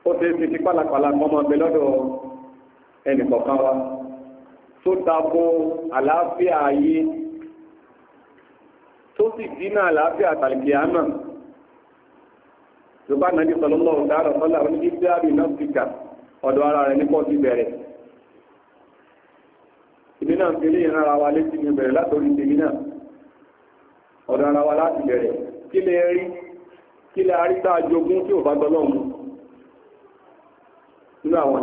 ó ti fi ti pálapàla mọ́mọ́ bẹ lọ́dọ̀ ẹnìkọ̀ọ̀kan wa tó tako àlàáfíà ayé tó sì dínà àlàáfíà tàlìkì àmà yorùbá nàbí sọlọ́mọ́ ọ̀dáàrọ̀ sọ́lá ní israeli nọ́fíkà ọ̀dọ̀ ara rẹ̀ ní pọ́ọ̀tì bẹ̀rẹ̀ ìdí náà fi léyìn ara wa létí mi bẹ̀rẹ̀ látòrí tèmi náà ọ̀dọ̀ ara wa láti bẹ̀rẹ̀ kí lè rí kí lè rí tá a jogún tí ò bá gbọ́ lọ́hùn nínú àwọn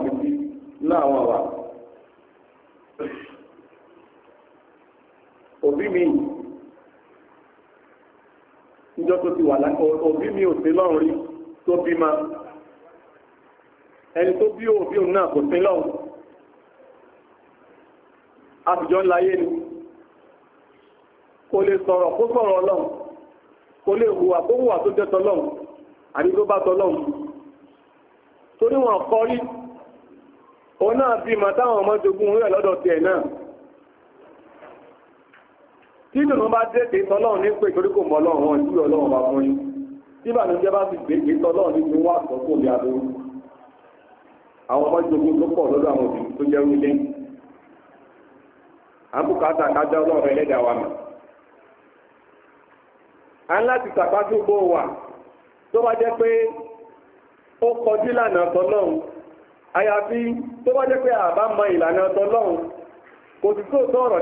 tó bímọ ẹni tó bí òbí òun náà kò sí lọ́wọ́ àtijọ́ ńláyé ni kò lè sọ̀rọ̀ kó sọ̀rọ̀ ọlọ́run kò lè hùwà kó hùwà tó jẹ́ tọlọ́run àbí tó bá tọlọ́run torí wọn kọ́ rí òun náà bímọ táwọn ọmọ jogún rẹ̀ lọ́dọ̀ tiẹ̀ náà tí ìdùnnú bá dé tèé tọlọ́run ní pé torí kò mọ́ ọlọ́run wọn sí ọlọ́run bá fún yín tí ìbànújẹ́ bá ti gbègbè tọ́lọ́ ní ti wá àtọ́ kò lè aburú àwọn ọmọ ìjogún tó pọ̀ lọ́dọ̀ àwọn òbí tó jẹ́ wílé àbúkátà ọlọ́run wa mọ̀ a ń láti wà tó bá jẹ́ pé ó kọjú ìlànà tọ́lọ́run àyàfi tó bá jẹ́ pé àbá mọ ìlànà tọ́lọ́run kò sí tó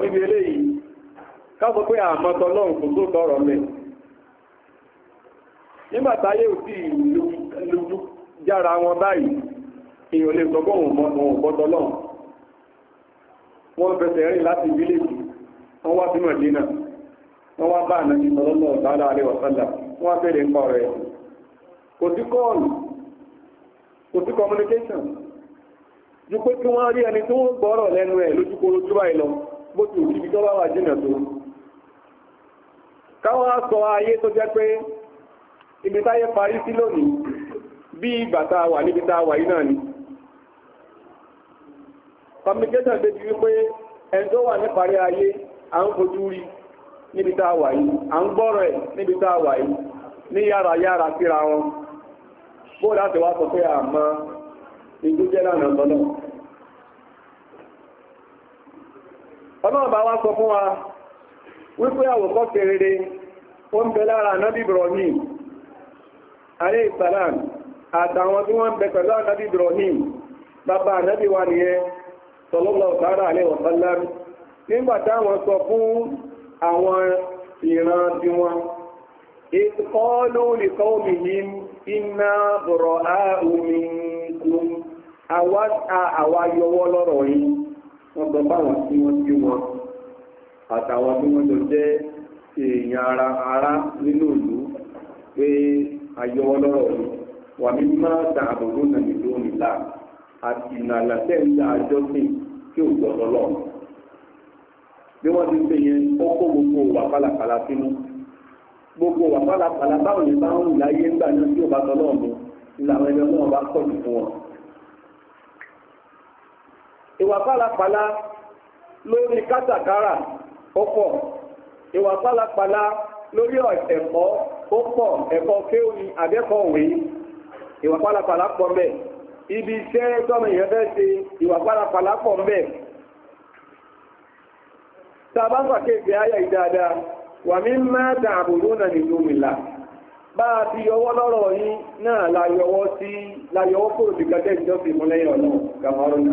níbi nígbàtàyé ò sí ìlú jára wọn báyìí èèyàn lè sọ bọ́wọ̀n wọn bọ́tọ̀ lọ́n wọ́n fẹsẹ̀ rìn láti fílẹ̀jì wọ́n wá sí Mọ̀dínà wọ́n wá bá ànàjì sọlọ́lọ́ ọ̀tàlá alẹ́ wàsálà wọ́n fẹ́rẹ̀ ń pa rẹ̀ kò sí kọ́ọ̀lù kò sí communication ju pé kí wọ́n rí ẹni tó ń gbọ́rọ̀ lẹ́nu ẹ̀ lójúkorojú báyìí lọ bó ti òkìbí tó bá wà jìnà tó káwọn á sọ ayé tó jẹ́ pé ibi táyé parí sí lónìí bí ìgbà tá a wà níbi tá wà yìí ni communication débi wípé ẹni tó wà ní parí ayé à ń fojú rí níbi tá a wà yìí à ń gbọ́rọ̀ ẹ̀ níbi tá a wà yìí ní yára yára síra wọn bó láti wá sọ pé àmọ́ ìlú jẹ́ lánà lọ́nà ọlọ́ọ̀bá wá sọ fún wa wípé àwòkọ́ kẹrẹrẹ ó ń bẹ lára náà bíbọ̀rọ̀ yìí alẹ́ ìsàlám àtàwọn tí wọ́n bẹ pẹ̀lú ànábì Ibrahim bàbá ànábì wa nìyẹn sallallahu ta'ala alaihi wa sallam nígbà táwọn sọ fún àwọn ìran tí wọn ìkọlù nìkan omi yìí àtàwọn tí wọ́n jọ jẹ́ èèyàn ara nínú ìlú pé ayọ́wọ́lọ́rọ̀ mi wà mí má ta àbòrò náà ní lónìí là àti ìnàlà tẹ́ǹdà àjọsìn kí ò gbọ́dọ̀ lọ. bí wọ́n ti ń pè yẹn ó kó gbogbo wà pálapàla sínú gbogbo wà pálapàla báwọn yẹn bá ń wù láyé ńgbà náà tí ò bá tọ́ lọ́ọ̀ mi ìlànà ẹni ọlọ́run bá kọ̀ jù fún wọn. ìwà pálapàla lórí kátàkárà ọkọ̀ ìwà pálapàla lórí ẹ̀kọ́ ó pọ̀ ẹ̀kọ́ kéwì àbẹ́kọ̀ òwe ìwà pọ̀ ibi iṣẹ́ tọ́mọ èèyàn ṣe ìwà pálapàla pọ̀ mbẹ̀ tàbá ayà ìdáadáa wà ní má dàbòrò náà nìlú bá a yọwọ́ lọ́rọ̀ náà láyọwọ́ sí láyọwọ́ kúrò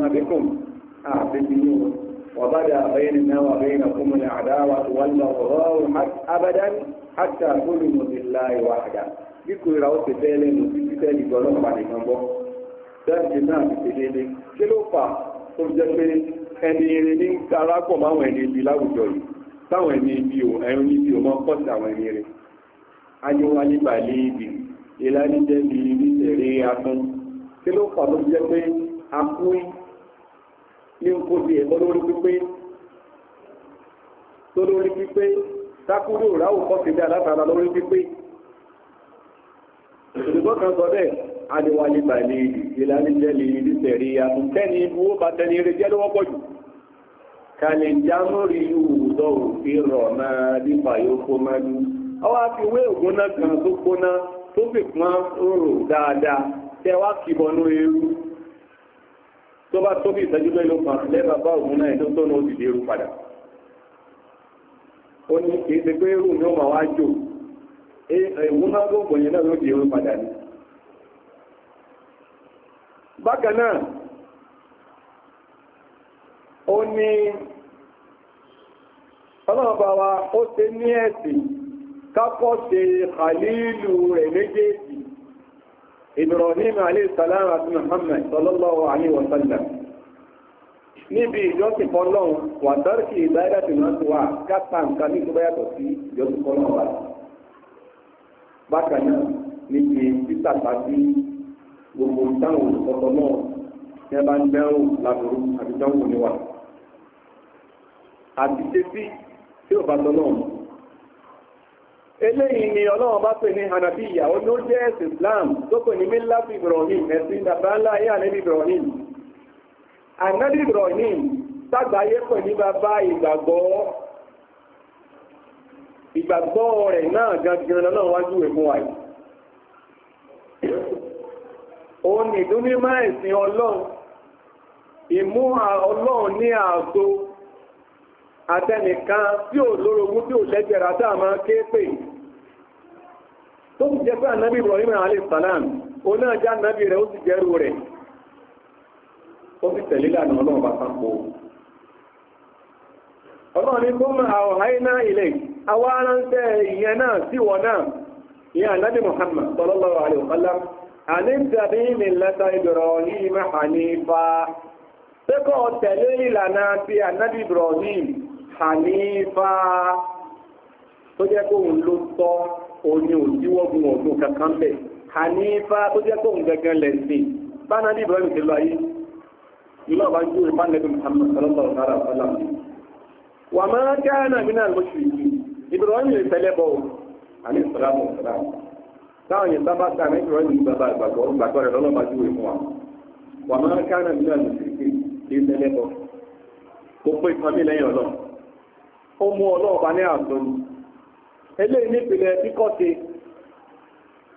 àbíkùn وبدأ بيننا وبينكم العداوة والبغضاء أبدا حتى تؤمنوا بالله وحده bíkú ìra ó ti tẹ́lẹ̀ nù títí tẹ́lẹ̀ ìgbọ́ ọlọ́pàá nìkan bọ́ dáàbì náà ti fi lélẹ̀ kí ló fà tó jẹ́ pé ẹni irin ní darapọ̀ máwọn ẹni ibi láwùjọ yìí táwọn ẹni ibi ò ẹni ibi ò máa ń pọ̀sí àwọn ẹni irin ayéwá nígbà lé ìlànà jẹ́ bí nítorí atún kí ló fà tó jẹ́ pé akúrin ní ń kó di ẹ̀kọ́ lórí pípé tó lórí pípé sákúrò ráwò kọ́ sí ilé alátara lórí pípé òṣèlú kan sọ bẹ́ẹ̀ adéwálé bàlẹ̀ ìlànà ìjẹ́lẹ̀ ìdísẹ̀rí àtúntẹ́ni ibú ó bá tẹni eré jẹ́ lọ́wọ́ pọ̀jù kalẹ̀ jámọ́rí ìwùdọ̀ òfin rọ̀ máa nípa yòókó máa dú ọwọ́ àti ìwé ògbóná kan tó gbóná tó fi pọ́n rò dáadáa tẹ́wàá kìbọnú eérú tó bá tó bí ìtẹ́jú mẹ́lò kan lẹ́bà bá òun náà tó tó náà dìde eru padà ó ní kìí ṣe pé eru ní ó máa wá jò ìwọ́n máa gbogbo yẹn náà ló di eru padà ní bákan ó ní ọlọ́ọ̀bá wa ó ṣe ní ẹ̀sìn kápọ́ ṣe àlílù rẹ̀ méjèèjì Ibrahim alayhi salam àti Muhammad sallallahu alayhi wa sallam níbi ìjọsìn fọlọ́n wà dárkì ìdáyà tí wọ́n ti wà kápá nǹkan ní ìgbéyà tó sí ìjọsìn fọlọ́n wa. bákan náà níbi títà tàbí gbogbo táwọn olùkọ́tọ̀ náà ní ẹ bá ń bẹ́rù làbúrú àbíjọ́ wò ní wa. àti ṣe tí ò bá tọ́ náà eléyìí ni ọlọ́run bá pè ní hanabiya ó ló jẹ́ ẹ̀sìn islam tó pè ní millat ibrahim ẹ̀sìn bàbá ńlá ayé ànábì ibrahim ànábì ibrahim sàgbáyé pè ní bàbá ìgbàgbọ́ ìgbàgbọ́ rẹ̀ náà gangan lọ́nà wájú ẹ̀mú wa yìí òun ìdúnmí ẹ̀sìn ọlọ́run ìmú ọlọ́run ní ààtò àtẹnìkan tí ò lórogún tí ò lẹ́jẹ̀rà tá a máa ké tó ti jẹ́ pé ànábì Ibrahim alayhi salam ó náà já ànábì rẹ̀ ó sì jẹ́rù rẹ̀ ó sì tẹ̀lé lànà ọlọ́run bá sápò ọlọ́run ní kó máa ọ̀háínà ilẹ̀ àwọn aráńtẹ́ ìyẹn náà sí wọ náà ìyẹn ànábì Muhammad sallallahu alayhi wa sallam àníbàbí millata tẹ̀lé ìlànà ti ànábì Ibrahim Hanifa, tó jẹ́ kóhun ló tọ́ òní òdíwọ́gun ọ̀gbọ̀n kankan bẹ̀ hànífà tó jẹ́ kóhun gẹ́gẹ́ lẹ́sìn báná ní ìbẹ̀rẹ̀ ayé ìlú ọ̀bá ń júwe pánlẹ̀kùn Muhammad sallallahu alaihi wa sallam wà máa káànà mí náà lóṣù yìí Ibrahim lè tẹ́lẹ̀ bọ̀ àní ìsìlámù ìsìlámù táwọn yẹn sábà ta ní Ibrahim ní bàbá ìgbàgbọ́ ìgbàgbọ́ rẹ̀ lọ́lọ́ba júwe Ọmụ mú ọlọ́ọ̀bá ní àdúrú eléyìí nípìnlẹ̀ kíkọ́ṣe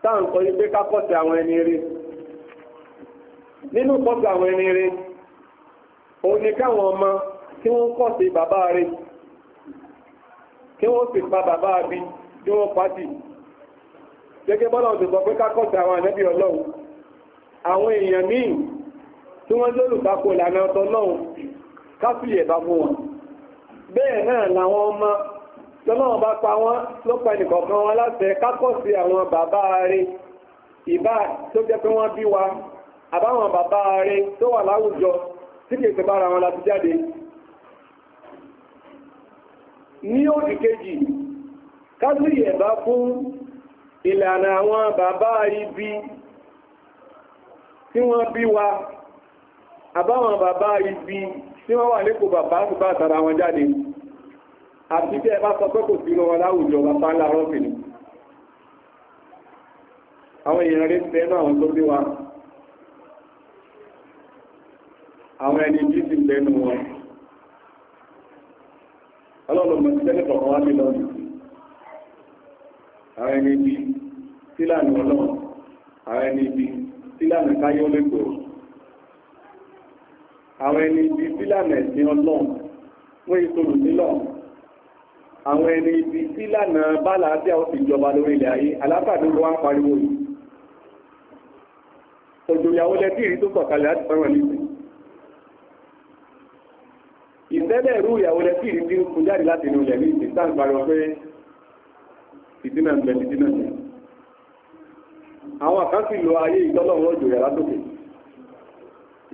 táǹkọ yí pé kákọ́ṣe àwọn ẹni rí nínú kọ́ṣe àwọn ẹni rí òun ni ọmọ kí wọ́n kọ́ṣe bàbá rí kí wọ́n sì pa bàbá bí bí wọ́n pàtì gẹ́gẹ́ bọ́lá àwọn bẹ́ẹ̀ náà làwọn ọmọ tọ́lọ́wọ́n bá pa wọ́n ló pa ẹnìkọ̀ọ̀kan wọn láti kákọ́sí àwọn bàbá rẹ̀ ìbá tó jẹ́ pé wọ́n bí wa àbáwọn bàbá rẹ̀ tó wà láwùjọ tí kìí tó bára wọn láti jáde ní òdì kejì kásìrì ẹ̀bá fún ìlànà àwọn bàbá ibi tí wọ́n bí wa àbáwọn bàbá ibi tí wọ́n wà nípò bàbá ń bá tara wọn jáde àti bí ẹ bá sọ pé kò sí wọn láwùjọ bàbá ńlá rọ́pìnì àwọn èèyàn rí fẹ́ náà àwọn tó bí wa àwọn ẹni tí ti lẹ́nu wọn ọlọ́lọ́mọ ti tẹ́lẹ̀ kọ̀ọ̀kan wá nílọ àwọn ẹni bí sílànà ọlọ́run àwọn ẹni bí sílànà káyọ́ lẹ́gbọ̀ọ́ àwọn ẹni ibi sílànà ẹ̀sìn ọlọ́run wọ́n ìṣòro sílọ̀ àwọn ẹni ibi sílànà bálà àti àwọn ìjọba lórí ilẹ̀ ayé alábàdó ló wá ń pariwo yìí òjò ìyàwó lẹ́tí ìrí tó sọ̀kalẹ̀ láti fẹ́ràn nígbẹ̀ ìtẹ́lẹ̀ ìrú ìyàwó lẹ́tí ìrí tí ń kun jáde láti inú ilẹ̀ ní ìsìnkán pariwo pé ìdínà ń bẹ ìdínà ń bẹ àwọn àkáǹtì lo ayé ìtọ́lọ́run òjò ìyà látòkè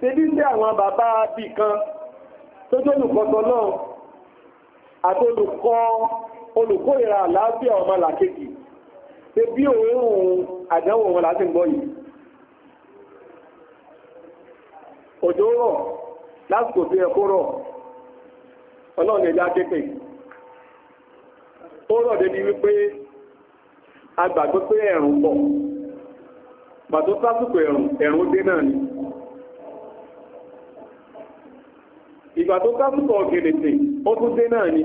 Ṣébí ń bẹ́ àwọn bàbá bì kan tó jẹ́ olùkọ́tọ̀ náà àti olùkọ́ olùkórìíra àlàáfíà ọmọ làkejì. Ṣé bí òórùn àdánwò wọn láti ń gbọ́ yìí? Òjò rọ̀ lásìkò tí ẹ kó rọ̀. Ọlọ́run ẹja kéèkèé ó rọ̀ débi wípé ìgbà tó kápùtọ̀ ọ̀gẹ̀rẹ̀tẹ̀ ó tún dé náà ni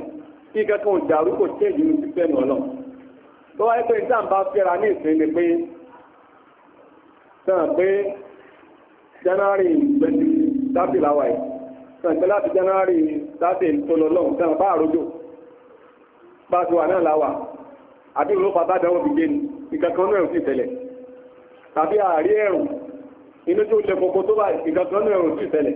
kí kankan dàrú kò tẹ́ ìlú sí fẹ́nu ọlọ́ tó wáyé pé ìtàn bá fẹ́ra ní ìsinmi pé sàn pé January twenty thirty láwà yìí sàn pé láti January thirty tó lọ lọ́hùn sàn bá àrójò bá ti wà náà láwà àbí ìlú bàbá dáwọ́ fi gé ni ìkankan náà sì tẹ̀lẹ̀ tàbí àárí ẹ̀rùn inú tó lẹ koko tó bá ìkankan náà sì tẹ̀lẹ̀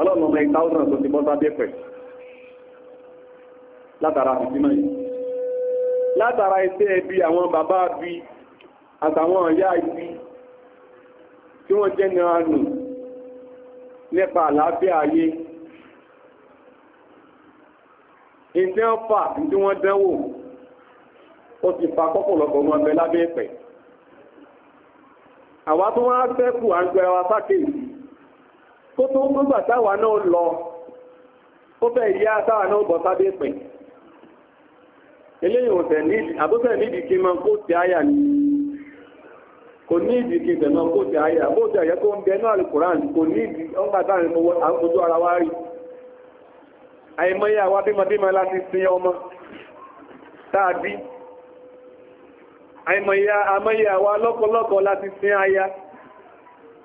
ọlọ́run ọmọ ìta ọ̀nà tó ti bọ́ sábẹ́ pẹ̀ látara fìtínà yìí látara iṣẹ́ ẹbí àwọn bàbá bí àtàwọn ọ̀yá ibi tí wọ́n jẹ́ ní ọ̀nà nípa àlàáfíà ayé ìtẹ́ ọ̀fà tí wọ́n dánwò ó ti fa kọ́pọ̀lọpọ̀ wọn abẹ lábẹ́ pẹ̀ àwa tó wọ́n á fẹ́ kù à ń gbẹ wa sákèjì kó tó ń gbà táwa náà lọ ó fẹ́ ìyá táwa náà bọ̀ sábẹ́ pẹ̀ eléyìn òsẹ̀ ní àbúsẹ̀ nídìí kí mọ kó ti àyà ní kò nídìí kí ìfẹ̀ kó ti àyà bó ti kó ń bẹ náà kò nídìí ọgbà táàrin mọ́wọ́ àkójú ara wá rí àìmọ́yà wá láti sin ọmọ aya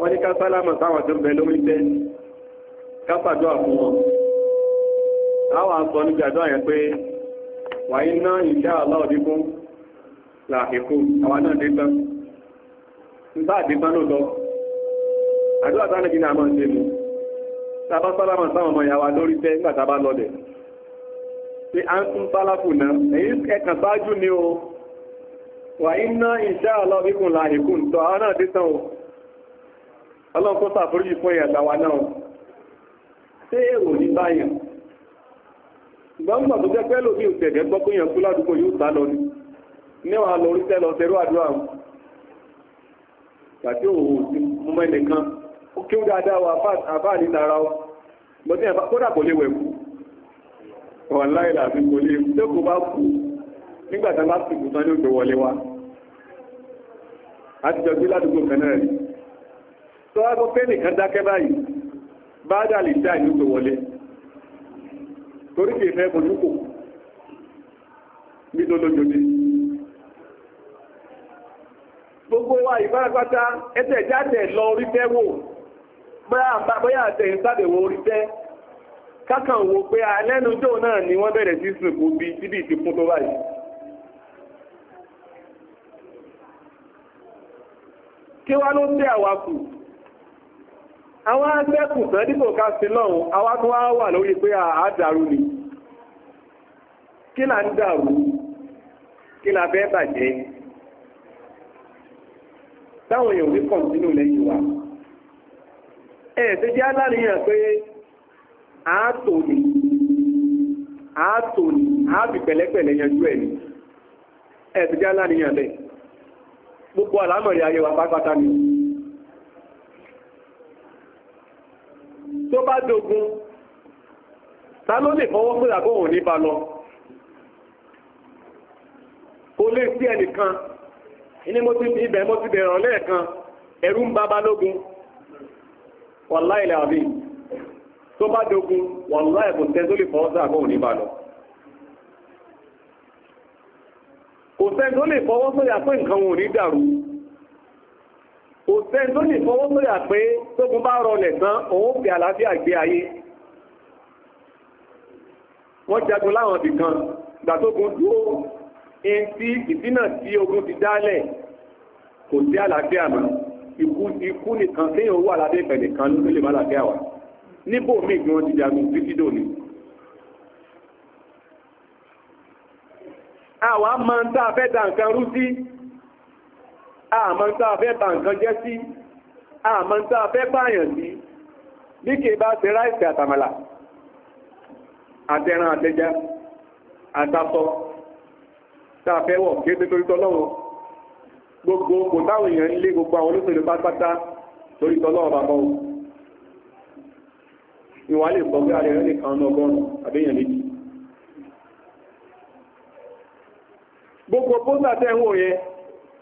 wọ́n ní ká sálámà sáwọn tó ń bẹ lórí tẹ́ ká ṣàdúrà fún wọn àwọn àsọ níbi àdúrà yẹn pé wà iná ìṣẹ́ aláwọ̀dínkún làkíkú àwọn náà dé tán ń bá àdé tán lóòtọ́ àdúrà tánà kí ní àmọ́ ṣe mú tàbá sálámà sáwọn ọmọ ìyàwó lórí tẹ́ nígbà tàbá lọ́dẹ̀ pé a ń tún sáláfù náà èyí ẹ̀kàn sáájú ni o wà iná ìṣẹ́ aláwọ̀dínkún làkíkú tọ́ àwọn náà dé tán o ọlọ́run kó sàforíjì fún èèyàn làwa náà ṣé èrò ní báyàn gbọ́ngbọ̀n tó jẹ́ pẹ́ lómi òtẹ̀dẹ̀ gbọ́ pé èèyàn kú ládùúgbò yóò sá lọ ni níwọ̀n lọ orí tẹ́lọ tẹ́rú àdúrà wọn tàbí òwò sí mọ́ ẹnìkan ó kí ó dáadáa wà àbá ní tara ó mọ́ sí ẹ̀fà kódà kò lè wẹ̀kú ọ̀n láìlà àfi kò lè tó kò bá kú nígbàtà tó wá gbọ́ pé nìkan dákẹ́ báyìí bá dà lè dá ìlú tó wọlé torí kìí fẹ́ bojú kò ní lójoojú gbogbo wa ìbárapátá ẹsẹ̀ jáde lọ orí tẹ́ wò bóyá àtẹ̀ ìsàdẹ̀wò orí tẹ́ kákan wo pé alẹ́nu jò náà ni wọ́n bẹ̀rẹ̀ sí sìnkú bí síbí ti fún tó báyìí kí wá ló tẹ́ àwa àwọn akẹ́kù tán dípò ká sí lọ́run tó wá wà lórí pé àádàrú ni kí là ń dàrú kí là fẹ́ bàjẹ́ táwọn èèyàn lẹ́yìn wa jẹ́ aláríyàn pé ni àátò ni àábì pẹ̀lẹ́pẹ̀lẹ́ yanjú ẹ̀ ni ẹ̀ jẹ́ aláríyàn bẹ́ẹ̀ gbogbo pátápátá tó bá dogun ta ló lè fọwọ́ pé àbọ̀wọ̀n ní ba lọ kò lè sí ẹnìkan ní mo ti ibẹ̀ mo ti bẹ̀rọ̀ lẹ́ẹ̀kan ẹ̀rú ń bá balógun wàláì làbí tó bá dogun wàláì kò tẹ́ tó lè fọwọ́ sí àbọ̀wọ̀n ní ba lọ kò tẹ́ tó kò sẹ́ni tó lè fọwọ́ sọ́yà pé tókun bá rọlẹ̀ tán òun fi àlàáfíà gbé ayé wọ́n jagun láwọn ti kan gbà tókun dúró in tí ìdínà tí ogun ti dálẹ̀ kò sí àlàáfíà mọ́ ikú ikú nìkan tí yóò wà lábẹ́ ìpẹ̀lẹ̀ kan ló lè má làáfíà wà níbò míì ni wọ́n ti jagun títí dòní àwọn máa ń tá a fẹ́ nǹkan rú sí àmọ́ntá afẹ́ bà nǹkan jẹ́ sí àmọ́ntá afẹ́ báyàn sí bí kí bá ṣe ráìsì àtàmàlà àtẹran àtẹja àtàsọ tààfẹ́ wọ̀ kéèsè torí tọ́lọ́wọ́ gbogbo kò táwọn èèyàn lé gbogbo àwọn olóṣèlú pátápátá torí tọ́lọ́wọ́ bàbá o ìwà lè sọ pé àrẹ rẹ̀ nìkan ọ̀nà ọgọ́rùn-ún àbẹ́yàn méjì gbogbo pósà ń wò yẹn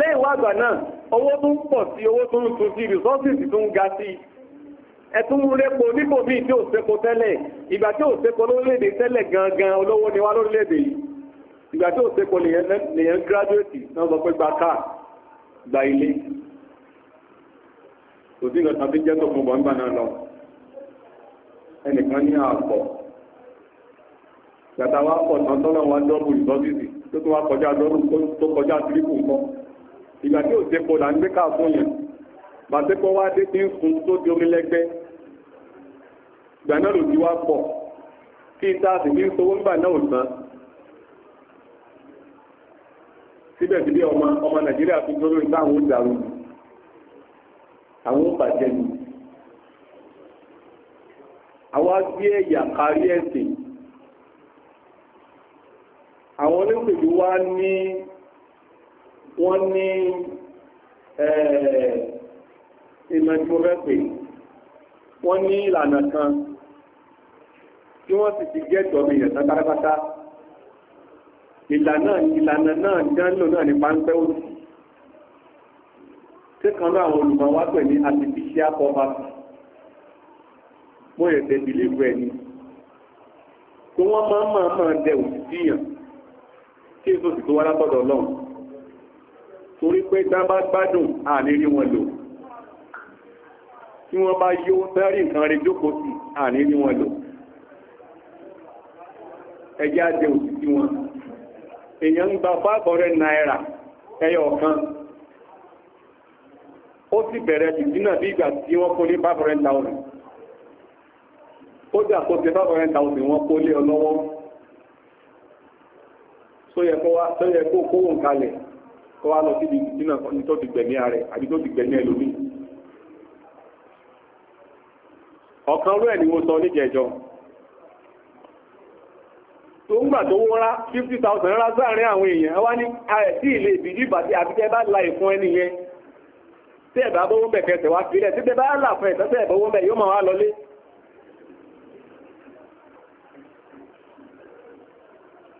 lẹ́yìn wá àgbà náà owó tó ń pọ̀ sí owó tó ń tún sí resources tó ń ga sí ẹ̀tún rẹ́po nípò bí tí ò sépo tẹ́lẹ̀ ìgbà tí ò sépo lórílẹ̀-èdè tẹ́lẹ̀ gangan olówó ni wá lórílẹ̀-èdè yìí ìgbà tí ò sépo lèyàn gíráduétì náà sọ pé gba káà gba ilé kò sí ìgbàtà tí jẹ́ tó fún bọ̀ǹgbà náà tó kọjá dọ́bù tó kọjá ìgbà tí ò tẹ́pọ là ń gbé káà fún yẹn bàtẹ́pọ wá dé tí ń fún tó di omi lẹ́gbẹ́ ìgbà náà ló ti wá pọ̀ kí n táà sì ní sowó ńgbà náà ò tán síbẹ̀síbẹ̀ ọmọ ọmọ nàìjíríà fi tó lórí táwọn ó dàrú àwọn ó bàjẹ́ ni àwa gbé ẹ̀yà kárí ẹ̀sìn àwọn olóṣèlú wa ní wọ́n ní eh, ìmọ̀júmọ́fẹ́pẹ̀ wọ́n ní ìlànà kan tí wọ́n sì ti gẹ́ẹ̀tọ̀ mi ìyẹ̀sán pátápátá ìlànà ìlànà náà jẹ́ńlò náà ní páńpẹ́ òsì tí kan náà àwọn olùmọ̀ wá pẹ̀ ní artificial poverty mo yẹ̀ tẹ̀ bìlíìfù ẹ̀ ni tí wọ́n máa ń máa máa torí pé tá bá gbádùn àníri wọn lò tí wọ́n bá yó tẹ́rì nǹkan rẹ̀ jókòó sí àníri wọn lò ẹjẹ́ àjẹ́ òsìsí wọn èèyàn ń gba fáàkọ̀ọ́rẹ́ náírà ẹyọ ọ̀kan ó sì bẹ̀rẹ̀ ìdínà bí ìgbà tí wọ́n kó ní 500,000 ó jà kó ti 500,000 wọ́n kó lé ọlọ́wọ́ tó yẹ kó kówó ń kalẹ̀ kọ́ wá lọ síbi ìdínà kan tó ti gbẹ̀mí ààrẹ àbí tó ti gbẹ̀mí ẹlòmí ọ̀kan rú ẹ̀ ni mo sọ níjẹ̀jọ tó ń gbà tó wọ́nrá 50,000 rárá sáàrin àwọn èèyàn wá ní ààrẹ tí ilé ìbìdí ìbàdí àbíkẹ́ bá la ìfún ẹni yẹn tí ẹ̀bá bọ́wọ́ bẹ̀kẹ́ tẹ̀wá sílẹ̀ tí bẹ́ bá là fún ẹ̀tẹ́sẹ̀ ìbọwọ́ bẹ̀ yóò máa wá lọlé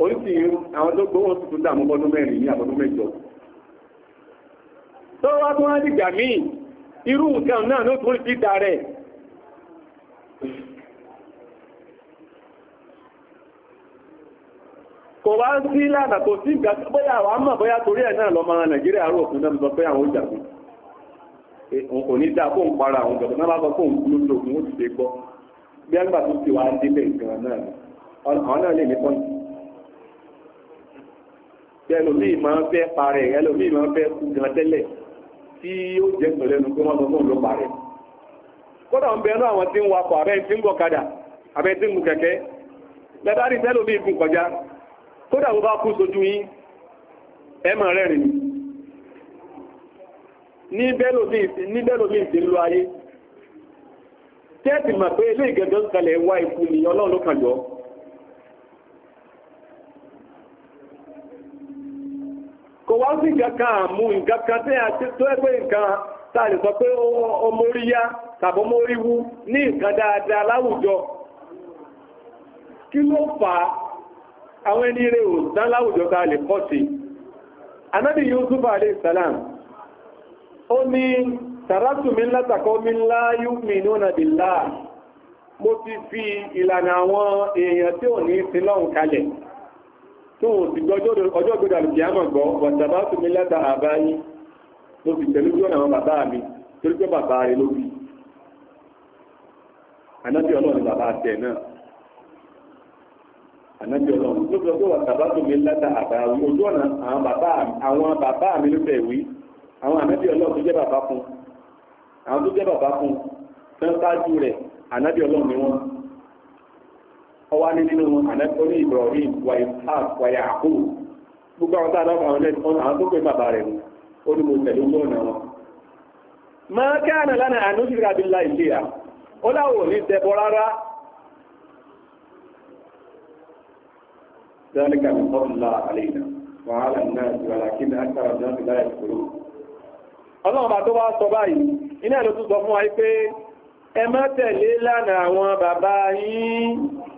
oríṣi àwọn tó gbówó sì tún dààmú bọ́dún mẹ́rin ní àbọ̀dún mẹ́jọ tó wá tó wá dìgbà míì irú nǹkan náà ló tún rí dà rẹ̀ kò wá sí lànà kò sí ìgbà bóyá àwọn àmà bóyá torí ẹ̀ náà lọ́mọ Nàìjíríà rò fún náà sọ pé àwọn ìjà fún òun kò ní dá fóun para àwọn ìjọba náà bá sọ fóun kú lóṣù òun ó ti ṣe gbọ́ bí ẹgbà tó ti wá délé nǹkan náà àwọn lè ní pọ́ǹtì ẹlòmíì máa ń fẹ́ parẹ́ ẹlòmíì ma ń fẹ́ kú tẹ́lẹ̀ tí ó jẹ́ pẹ̀lẹ́ wọ́n sọ kódà ń àwọn tí ń abẹ́ tí ń gbọ̀kadà abẹ́ tí ń gun kẹ̀kẹ́ lẹ́bàárí tẹ́lòmíì gun kọjá kódà bá kú sojú ní ti lọ ayé wá sí nǹkan àmú nǹkan tí a ti tó ẹgbẹ́ nǹkan tààrí sọ pé ọmọ orí yá tàbí ọmọ orí wú ní nǹkan dáadáa láwùjọ kí ló fà á àwọn ẹni rẹ̀ ò dá láwùjọ ta lè kọ́ sí anábì Yusuf alayhi salam ó ní tàrátùmí látàkọ́ mi ńlá yu'minuna billah mo ti fi ìlànà àwọn èèyàn tí ò ní sí lọ́hùn kalẹ̀ tó o sì gbọ́ ọjọ́ ìgbéga lùkì àmọ̀ gbọ́ wàtàbá tó mi lẹ́ta àbá yín mo sì tẹ̀lé bí ọ̀nà àwọn bàbá mi torí pé bàbá rẹ̀ ló bí anábì ọlọ́run bàbá tẹ̀ náà anábì ọlọ́run ló sọ pé wàtàbá tó mi lẹ́ta àbá yín ojú ọ̀nà àwọn bàbá mi ló fẹ́ wí àwọn anábì ọlọ́run tó jẹ́ bàbá fún àwọn tó jẹ́ bàbá fún tán ṣáájú rẹ̀ anábì ọlọ́run ni wọ́n ọwá ní nínú ànẹ́kọ́ní Ibrahim wà Ishaq wà Yaqub gbogbo àwọn tá a dábàá wọn lẹ́nu ọ̀nà àwọn tó pé bàbá rẹ̀ ó ní mo ذلك من فضل الله علينا وعلى الناس ولكن أكثر الناس لا يشكرون ọlọ́run bá tó wá sọ báyìí iná ìlú tó sọ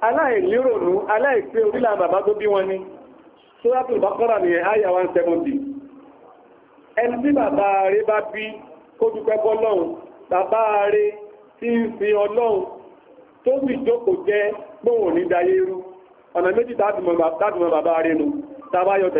aláìlérònú aláìpé orílẹ̀ bàbá tó bí wọn ni sóràtù bàkọ́rà ní àyà 170 ẹni tí bàbá rẹ̀ bá bí kó dúpẹ́ bàbá rẹ̀ tí ń fi ọlọ́run tó sì jókòó jẹ́ gbóhùn ní dayérú ọ̀nà méjì tàbímọ̀ bàbá rẹ̀ nù tàbáyọ̀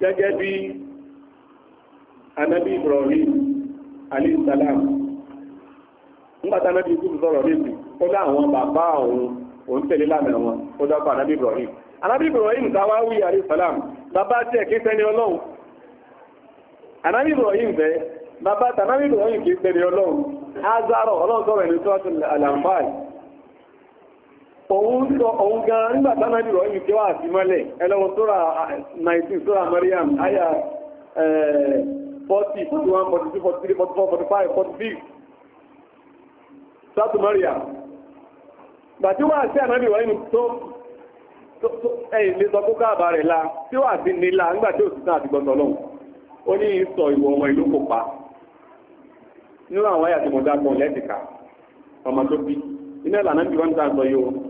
gẹ́gẹ́ bí anabi Ibrahim alayhisalam nígbàtà anabi Yusuf sọ̀rọ̀ lẹ́sìn ó dá àwọn bàbá òun òun tẹ̀lé lánàá wọn ó dá pa anabi Ibrahim anabi Ibrahim tawawi alayhisalam bàbá tẹ̀ kí sẹ́ni ọlọ́run anabi Ibrahim fẹ́ bàbá tànàbí Ibrahim kì í sẹ́ni ọlọ́run azarọ̀ ọlọ́run sọ̀rọ̀ òun sọ òun gan nígbàtá náà dìrọ̀ yìí tí wà sí mọ́lẹ̀ ẹlọ́wọ́ 19 Mariam aya 40 41 42 43 44 45 46 Mariam gbàtí wà sí ànábì wọ́n inú tó ẹ̀yìn lè sọ kókà àbá rẹ̀ la tí wà sí nílá nígbàtí òsìsàn ọmọ kan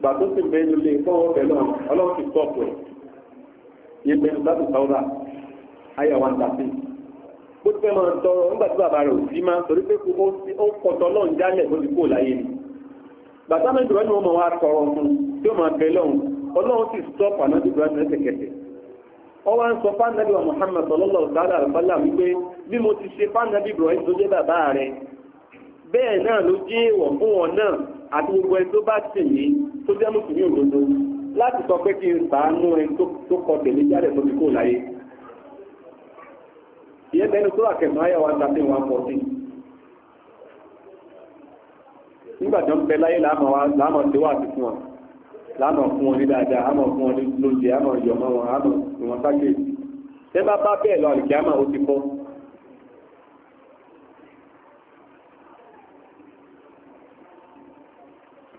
gbà tó sì bẹ́ẹ̀ lulẹ̀ fọwọ́ bẹ̀ ọlọ́run ti tọ́ pẹ̀ yé bẹ́ẹ̀ sáwọ́dà ayé àwọn bó ti fẹ́ máa bàbá rẹ̀ ò sí máa torí pé kò ó kọ̀tọ̀ náà ń jálẹ̀ bó ti kó láyé ni bàtà ni wọ́n máa wá tọrọ fún tí ó máa lọ́hùn ọlọ́run ọ wá ń sọ fánàbí wa Muhammad sallallahu alaihi wa wípé bí mo ti ṣe fánàbí Ibrahim tó bàbá bẹ́ẹ̀ náà ló jẹ́ fún àti gbogbo ẹni tó bá sì ní tó jẹ́ mùsùlùmí òdodo láti sọ pé kí n sàánú ẹni tó kọ tèmi jáde tó fi kó láyé ìyẹn bẹnu tó àkẹsàn ayé wa tàbí wọn pọ̀ sí nígbà tó ń bẹ láyé láàmọ̀ tí wà sí fún wọn láàmọ̀ fún wọn ní dáadáa àmọ̀ fún wọn lóúnjẹ àmọ̀ yọ̀mọ̀ wọn àmọ̀ ìwọ̀n sáké tẹ́ bá bẹ́ẹ̀ lọ àlìkí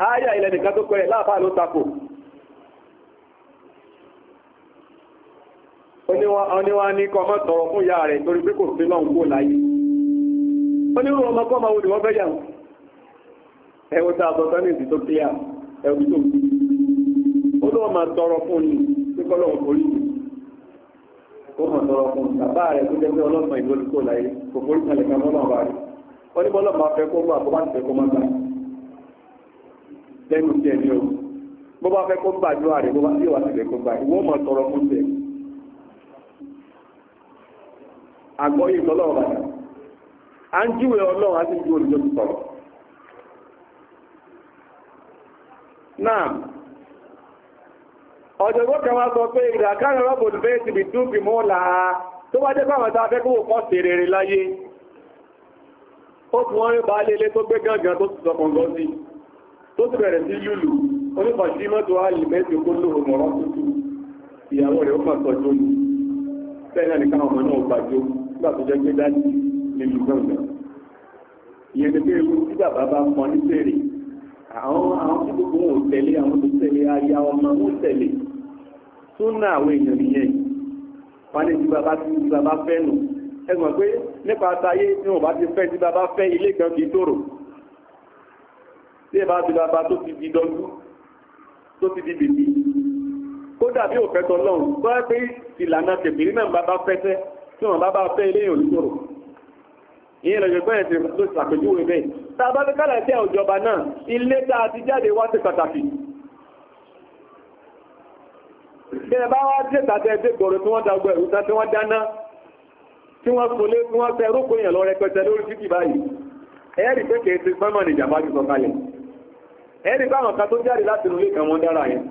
ááyà ilẹ̀ nìkan tó pẹ̀rẹ̀ láàfáà ló takò oníwá ní kọmọ tọrọ fún ìyá rẹ̀ torí pé kò sí lọ́n kó láyé onírú ọmọ kọ́ máa wo ni wọ́n fẹ́ yà ẹwọ́ tá a sọ sọ́nà ìdí tó kílíà ẹwù tó ó lọ́wọ́ máa tọrọ fún ni pé kọ́ lọ́wọ́ kò rí kó máa tọrọ fún bàbá rẹ̀ tó jẹ́ pé ọlọ́mọ ìlú olùkó láyé kò forí kalẹ̀ kan lọ́wọ́ bá rẹ̀ oníbọ́lọ́mọ afẹ́kọ́ gbà kó bá lẹ́nu tẹ̀ ní o bó bá fẹ́ kó gbàdúrà rẹ̀ bó bá sí ìwà sílẹ̀ kó gbà ìwọ́n mọ̀ tọrọ fún tẹ̀ àgbọ́yé ìtọ́lọ́wọ́ bàtà à ń jíwè ọlọ́run á sì ju olùjọ́ ti sọ̀rọ̀ náà ọ̀jọ̀gbọ́n kan wá sọ pé ìdàkárẹ̀ rọ́bù lùfẹ́ ti bì dúbì mọ́ làá tó bá jẹ́ pàmọ̀ tàbí kó kọ́ sí rere láyé ó tún wọ́n rí bá lélé tó gbé gángan tó ti sọ̀kọ̀ngọ́ sí i tó ti bẹ̀rẹ̀ sí lùlù onípa sí mọ́tò alìmẹ́sì kó ló mọ̀rọ̀ tútù ìyàwó rẹ̀ ó fà tọ́jú ní sẹ́yìn àti káwọn ọmọ náà gbàjó nígbà tó jẹ́ pé dájú nínú gbọ̀ngàn ìyẹn ni pé ewu tí bàbá bá pọn ní sèrè àwọn àwọn tí gbogbo wọn ò tẹ̀lé àwọn tó tẹ̀lé aya ọmọ wọn tẹ̀lé tó ná àwọn èèyàn nìyẹn wọn ní ti bàbá tí bàbá fẹ́ nù ẹgbọ̀n pé nípa àtàyé tí wọn bá ti fẹ́ tí bàbá fẹ́ tí ẹ bá ti bàbá tó ti di dọ́gbú tó ti di bèbí kó dàbí òfẹ́tọ̀ lọ́run tó ẹ́ pé ìlànà tẹ̀bìrí náà bàbá fẹ́fẹ́ tí wọ́n bàbá fẹ́ ilé ìrìn sọ̀rọ̀ ìyẹn lọ́jọ́ bẹ́ẹ̀ ti ló ṣàpèjúwe bẹ́ẹ̀ tá a bá fi kálà sí ìjọba náà ilé tá a ti jáde wá sí pàtàkì bí ẹ bá wá dé tàbí ẹgbẹ́ gbòòrò tí wọ́n fòlé tí wọ́n fẹ́ rókò èèyàn lọ rẹpẹtẹ lórí títì báyìí ẹ̀ẹ́rì pé kèé ti pẹ́mọ̀ ní ìjàmbá ti sọ kalẹ̀ ẹni báwọn kan tó jáde láti inú ilé kan wọ́n dára yẹn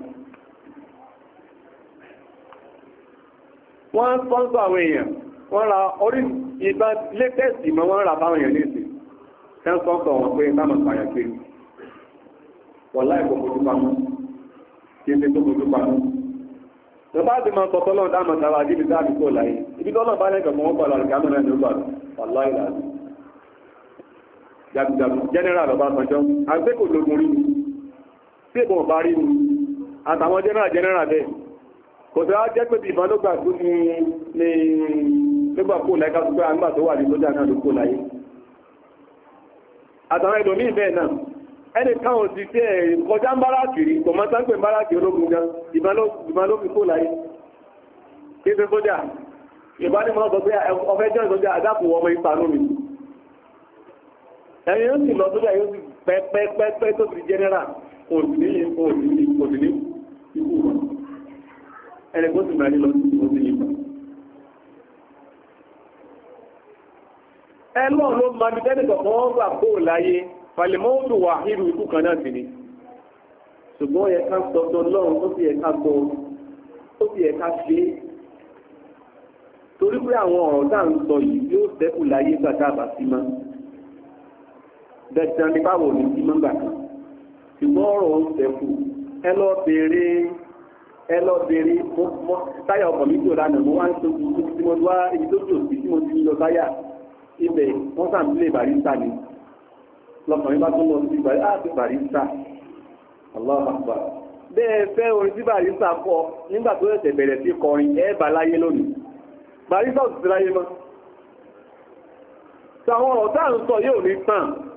wọ́n sponsor àwọn èèyàn wọ́n ra orí ìgbà latest ìmọ̀ wọ́n ra báwọn èèyàn léèsì tẹ́ sponsor wọn pé táwọn pààyàn kiri wọ́n láì kò fojú pamọ́ kí ṣe tó fojú pamọ́ tó bá ti máa tọ́tọ́ lọ́nà dáàmà tàbí àdíbi dáàbì kò láyé ibi tọ́lọ̀ bá lẹ́gbẹ̀ẹ́ mọ́ pàlọ̀ àrùkámọ́ náà ló gbàdọ̀ wàláìlà jàbùjàbù general Ọbásanjọ́ àgbékò lógun rí ni síbò bá ní àtàwọn general general bẹ́ẹ̀ kò tó á jẹ́ pé ìbọn ló gbà tó ní nígbà kó láyé káàkiri àgbà tó wà ní lójá náà ló kó láyé àtàwọn náà ẹni káwọn ti tẹ́ kọjá ń kò mọ́ sáńpẹ̀ ń kiri ológun òdìní òdìní òdìní ikú wọn ẹnìkan sì máa ní lọ sí òdìní wọn ẹlọ́ ló ma bí tẹ́nìkọ̀ kan wọ́n gbà kó láyé falimọ́ọ̀dù wà hírù ikú kan náà sì ni ṣùgbọ́n yẹ ká sọ́tọ̀ lọ́run ó sì yẹ ká gbọ́ ó sì yẹ ká ṣe é torí pé àwọn ọ̀rọ̀ tá à ń sọ yìí yóò ṣẹ́kù láyé gbàtà àbàsí mọ́ dandan ni báwo ni sí mọ́ gbàtà ṣùgbọ́n ọ̀rọ̀ ń sẹ́kù ẹ lọ bèèrè ẹ lọ bèèrè táyà ọkọ̀ mi jò lánàá mo wá ń tóbi tí mo wá ibi tó jò sí tí mo ti lọ táyà ibẹ̀ wọ́n sàn lè barista ni lọkùnrin bá tún lọ sí barista Allahu Akbar bẹ́ẹ̀ fẹ́ orin tí barista kọ nígbà tó ẹ̀sẹ̀ bẹ̀rẹ̀ sí kọrin ẹ bá láyé lónìí barista ò sì láyé mọ́ sàwọn ọ̀tá ń sọ yóò ní tàn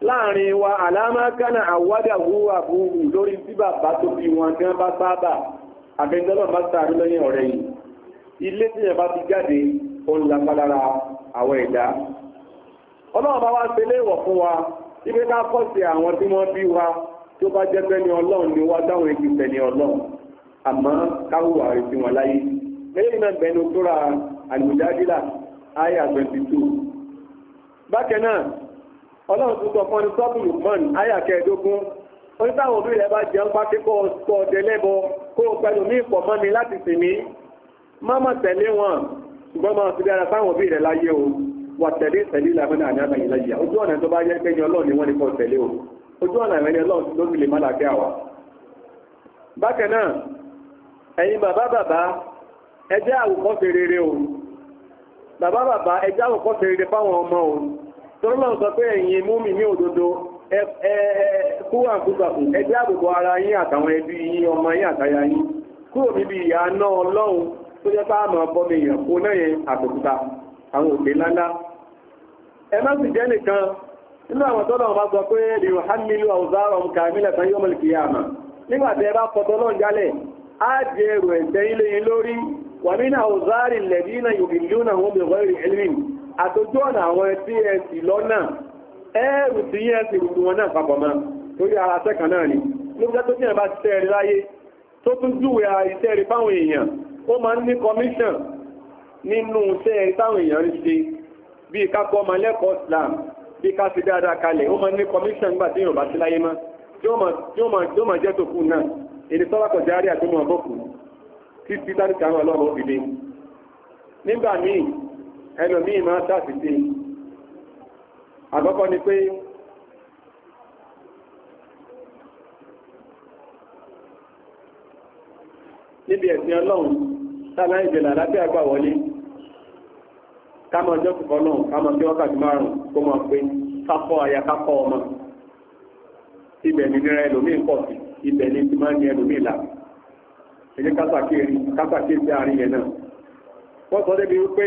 láàrin wa àlámákánà àwádà wúwà búrú lórí tí bàbá tó bí wọn gán bá sábà àbẹ́jọ́lọ̀ bá sàárú lẹ́yìn ọ̀rẹ́ yìí ilé tí yẹn bá ti jáde ó ń lápalára àwọn ẹ̀dá ọlọ́run bá wá ṣe léèwọ̀ fún wa ibi ká kọ́ sí àwọn tí wọ́n bí wa tó bá jẹ́ pẹ́ni ọlọ́run ni náà ọlọ́run tún sọ fún ẹni sọ́bù lùmọ́ọ̀nù àyà kẹẹ̀ẹ́dógún orí táwọn òbí rẹ̀ bá jẹun pàtí kó sọ ọdẹ lẹ́bọ kó o pẹ̀lú mí pọ̀ mọ́ mi láti sìn mí mọ́mọ́ tẹ̀lé wọn ṣùgbọ́n máa fi dára sáwọn òbí rẹ̀ láyé o wà tẹ̀lé tẹ̀lé ìlànà àná àbáyé láyé ojú ọ̀nà tó bá yẹ pé ní ọlọ́run ni wọ́n ní kọ́ tẹ̀lé o ojú ọ̀nà ìrẹ́ni ọlọ́run ló fi lè má làkẹ́ àwa. bákan náà ẹ̀yin bàbá bàbá ẹ jẹ́ àwòkọ́ṣe rere o bàbá bàbá ẹ jẹ́ àwòkọ́ṣe rere fáwọn ọmọ o tọ́lọ́ sọ pé ẹ̀yin múmi ní òdodo kúwà kúsàkù ẹgbẹ́ àbùkù ara yín àtàwọn ẹbí yín ọmọ yín àtàyà yín kúrò níbi ìyà náà ọlọ́run tó jẹ́ páàmà bọ́mí èèyàn kó náà yẹn àtòkúta àwọn òkè ńláńlá ẹ má sì jẹ́ nìkan nínú àwọn tọ́lọ́ bá sọ àtòjú ọ̀nà àwọn tsc lọ́nà ẹ̀rù tí yẹ́ sí gbogbo wọn náà papọ̀ máa torí ara sẹ́kàn náà ni lókùnjẹ́ tó tíyàn bá ṣiṣẹ́ rí láyé tó tún júwe ara fáwọn èèyàn ó máa ń ní commission nínú iṣẹ́ rí táwọn èèyàn ń ṣe bí Islam bí ká fi dáadáa kalẹ̀ ó máa commission nígbà tí Yorùbá sí láyé mọ́ tí ó máa jẹ́ tó kú náà èdè tọ́lákọ̀ járí àtúnmọ̀ ẹlòmíì máa ṣàṣìṣe àkọ́kọ́ ni pé níbi ẹ̀sìn ọlọ́run tàbí ìjẹ̀lẹ̀ àlàáfíà gbà wọlé kámọ̀ ọjọ́ náà kámọ̀ tí wákàtí márùn-ún kó pé àyà ọmọ ibẹ̀ nira ẹlòmíì pọ̀ sí ibẹ̀ ni ti máa ń ní ẹlòmíì là ẹ̀jẹ̀ kásàkiri kásàkiri sí àárín yẹn náà wọ́n sọ débi wípé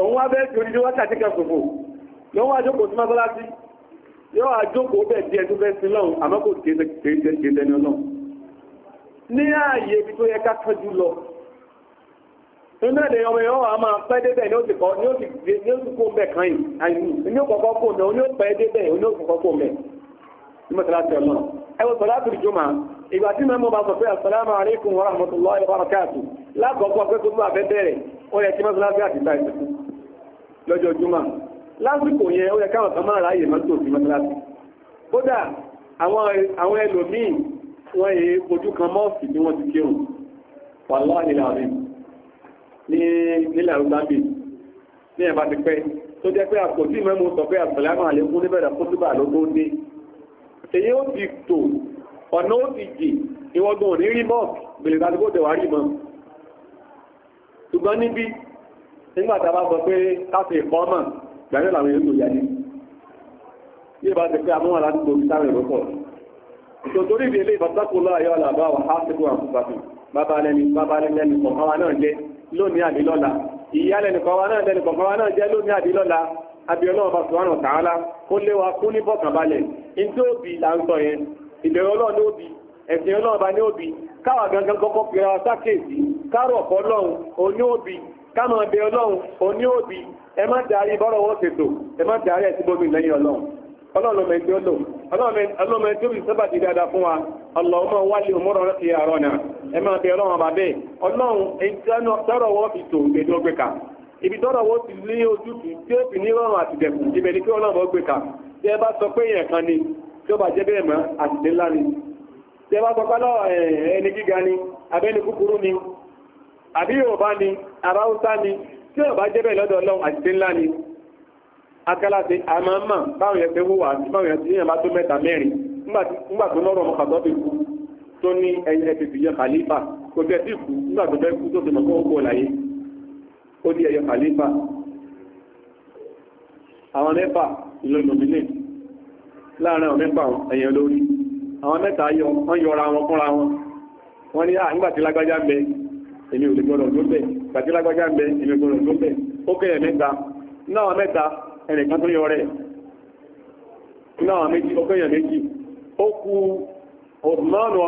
òun wá bẹ́ẹ̀ torí ní wákàtí kan ṣòfò lọ́n wá jókòó sí mọ́sálásí yóò wá jókòó bẹ́ẹ̀ díẹ̀ tó fẹ́ sí lọ́hùn àmọ́ kò kéèké tẹni ọlọ́run ní ààyè ibi tó yẹ ká tọ́jú lọ nínú ẹ̀dẹ̀ ọmọ ẹ̀họ́ a máa pẹ́ débẹ̀ ní ó ti kọ́ ní ó ti kó bẹ̀ kan yìí àyù ní ó kọ́kọ́ kó ní ó pẹ́ débẹ̀ ní ó kọ́kọ́ ní mọ́sálásí ọlọ́run ẹwọ sọ̀rọ̀ àtúrù jùmọ̀ ìgbà tí mẹ́mọ́ bá sọ pé asalaamu alaykum wa rahmatullahi wa barakatu lákọ̀ọ́kọ́ pé kúrú àfẹ́ bẹ̀rẹ̀ ó yẹ kí mọ́sálásí àti ta ìsìnkú lọ́jọ́ jùmọ̀ lásìkò yẹn ó yẹ káwọn kan máa ráyè máa tòsí mọ́sálásí kódà àwọn ẹlòmíì wọ́n yẹ ojú kan mọ́ọ̀sì bí wọ́n ti kírun wàláhì láàrin èyí ó ti tò ọ̀nà ó ti jì ìwọ̀gbọ̀n ní rí mọ́ọ̀kì bèèrè tàbí kó tẹ̀wà rí mọ́ ṣùgbọ́n níbi nígbàtà bá sọ pé káfẹ́ ìfọ́mọ̀ gbẹ̀rẹ̀ làwọn èèyàn tó yà ní yíò bá ti pé àwọn aládùúgbò ti sáré lọ́pọ̀ ìtòtórí ìdí ilé ìfọ́sákòlá ayọ́ làbá wà á sí fún àkùnfàfin bàbá lẹ́ni bàbá lẹ́ni kọ̀ọ̀kan wa náà jẹ́ lónìí àdílọ́la ìyá lẹ́ni kọ̀ọ̀kan wa náà jẹ́ lónìí àdílọ́la abiola ọba subhanahu wa ta'ala kó léwa kú ní bọ̀kànbalẹ̀ ní tí ó bì là ń sọ yẹn ìbẹ̀rẹ̀ ọlọ́run ní ó ẹ̀sìn ọlọ́run ní ó káwà gangan kọ́kọ́ fi ra sákèsì onye ọ̀pọ̀ ọlọ́run ọlọ́run ẹ má darí ṣètò ẹ má darí ẹ̀sìn lẹ́yìn ọlọ́run ọlọ́run ọlọ́run ọlọ́run ọba ibi tọ́rọ̀ wọ́n ti lé ojútùú tí ó fi ní rọrùn àtìdẹ̀kùn ibẹ̀ ni kí ọlọ́run gbé kà tí ẹ bá sọ pé èèyàn kan ni tí ó bá jẹ́ bẹ́ẹ̀ mọ́ àtìdẹ̀ ńlá ni tí ẹ bá sọ pálọ̀ ẹni gíga ni abẹ́ni kúkúrú ni àbí yorùbá ni aráúsá ni tí ó bá jẹ́ bẹ́ẹ̀ lọ́dọ̀ ni akálàṣe àmàmà báwọn yẹn wúwà ó di ẹ̀yọ khalifa àwọn mẹ́fà ló nominate láàrin àwọn mẹ́fà ẹ̀yẹ lórí àwọn mẹ́ta yọ wọ́n yọra wọn fúnra wọn wọ́n ní àgbàtí lágbájá ń bẹ èmi ò lè gbọ́dọ̀ tó bẹ̀ gbàtí lágbájá ń bẹ èmi gbọ́dọ̀ tó bẹ̀ ó kẹ́yẹ mẹ́ta náà mẹ́ta ẹnìkan tó yọ rẹ̀ náà méjì ó méjì ó ku ọmọ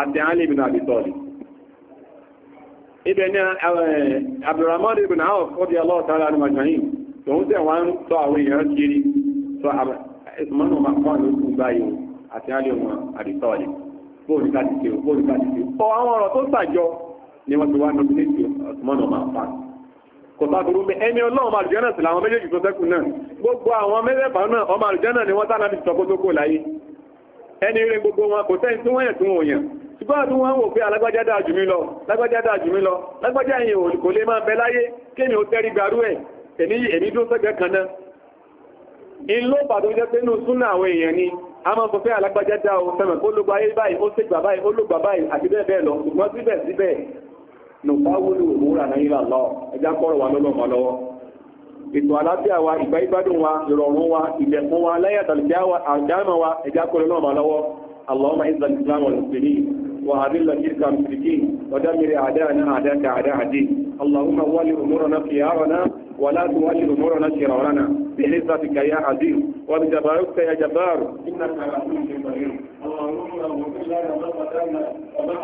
àti ibẹ̀ ni eh, Abdurrahman ibn Auf kọ́dí aláwọ̀tara ní majmahin tòun tẹ̀ wọ́n tọ́ àwọn èèyàn kiri tọ́ ìsìnmọ́nà makon ló kún báyìí àti alẹ́ wọn àdìsọ́ọ̀lẹ̀ bóòlù káti tí ó bóòlù káti tí ó ọ àwọn ọ̀rọ̀ tó sàjọ ni wọ́n ti wá nọ́bílẹ́tì ìsìnmọ́nà makon kò bá burú bẹ ẹni ọlọ́run ọmọ àlùjẹ́ náà sì làwọn méjèèjì tó sẹ́kù náà gbogbo àwọn mẹ́rẹ̀ẹ̀fà náà ọmọ àlùjẹ́ náà ni wọ́n tánà ti sọ kó tó kó láyé ẹni rẹ̀ gbogbo wọn kò tẹ́yìn tí wọ́n yẹ̀ tí wọ́n yàn ṣùgbọ́n àdún wọn wò pé alágbájá dáa jù mí lọ lágbájá dáa jù mí lọ lágbájá yìí kò lè máa bẹ láyé kéèyàn ó tẹ́rí gbarú ẹ̀ èmi dó sẹ́gbẹ́ kan náà in ló jẹ́ pé inú ni a máa sọ pé alágbájá dáa ó lógbà ayé báyìí ó báyìí ó lógbà báyìí àti bẹ́ẹ̀ bẹ́ẹ̀ lọ ṣùgbọ́n ètò àlàáfíà wa ìgbà ìbádùn wa ìrọ̀rùn wa ìdẹ̀kùn wa láyàtàlùfíà wa àdáàmà wa ẹ̀já kọlọ náà máa lọ́wọ́ اللهم اعز الاسلام والمسلمين واذل الشرك والمشركين ودمر اعداءنا اعداءك اعداء الدين اللهم ول امورنا خيارنا ولا تولي امورنا شرارنا بعزتك يا عزيز وبجبروتك يا جبار انك على كل شيء قدير اللهم اغفر لنا ذنوبنا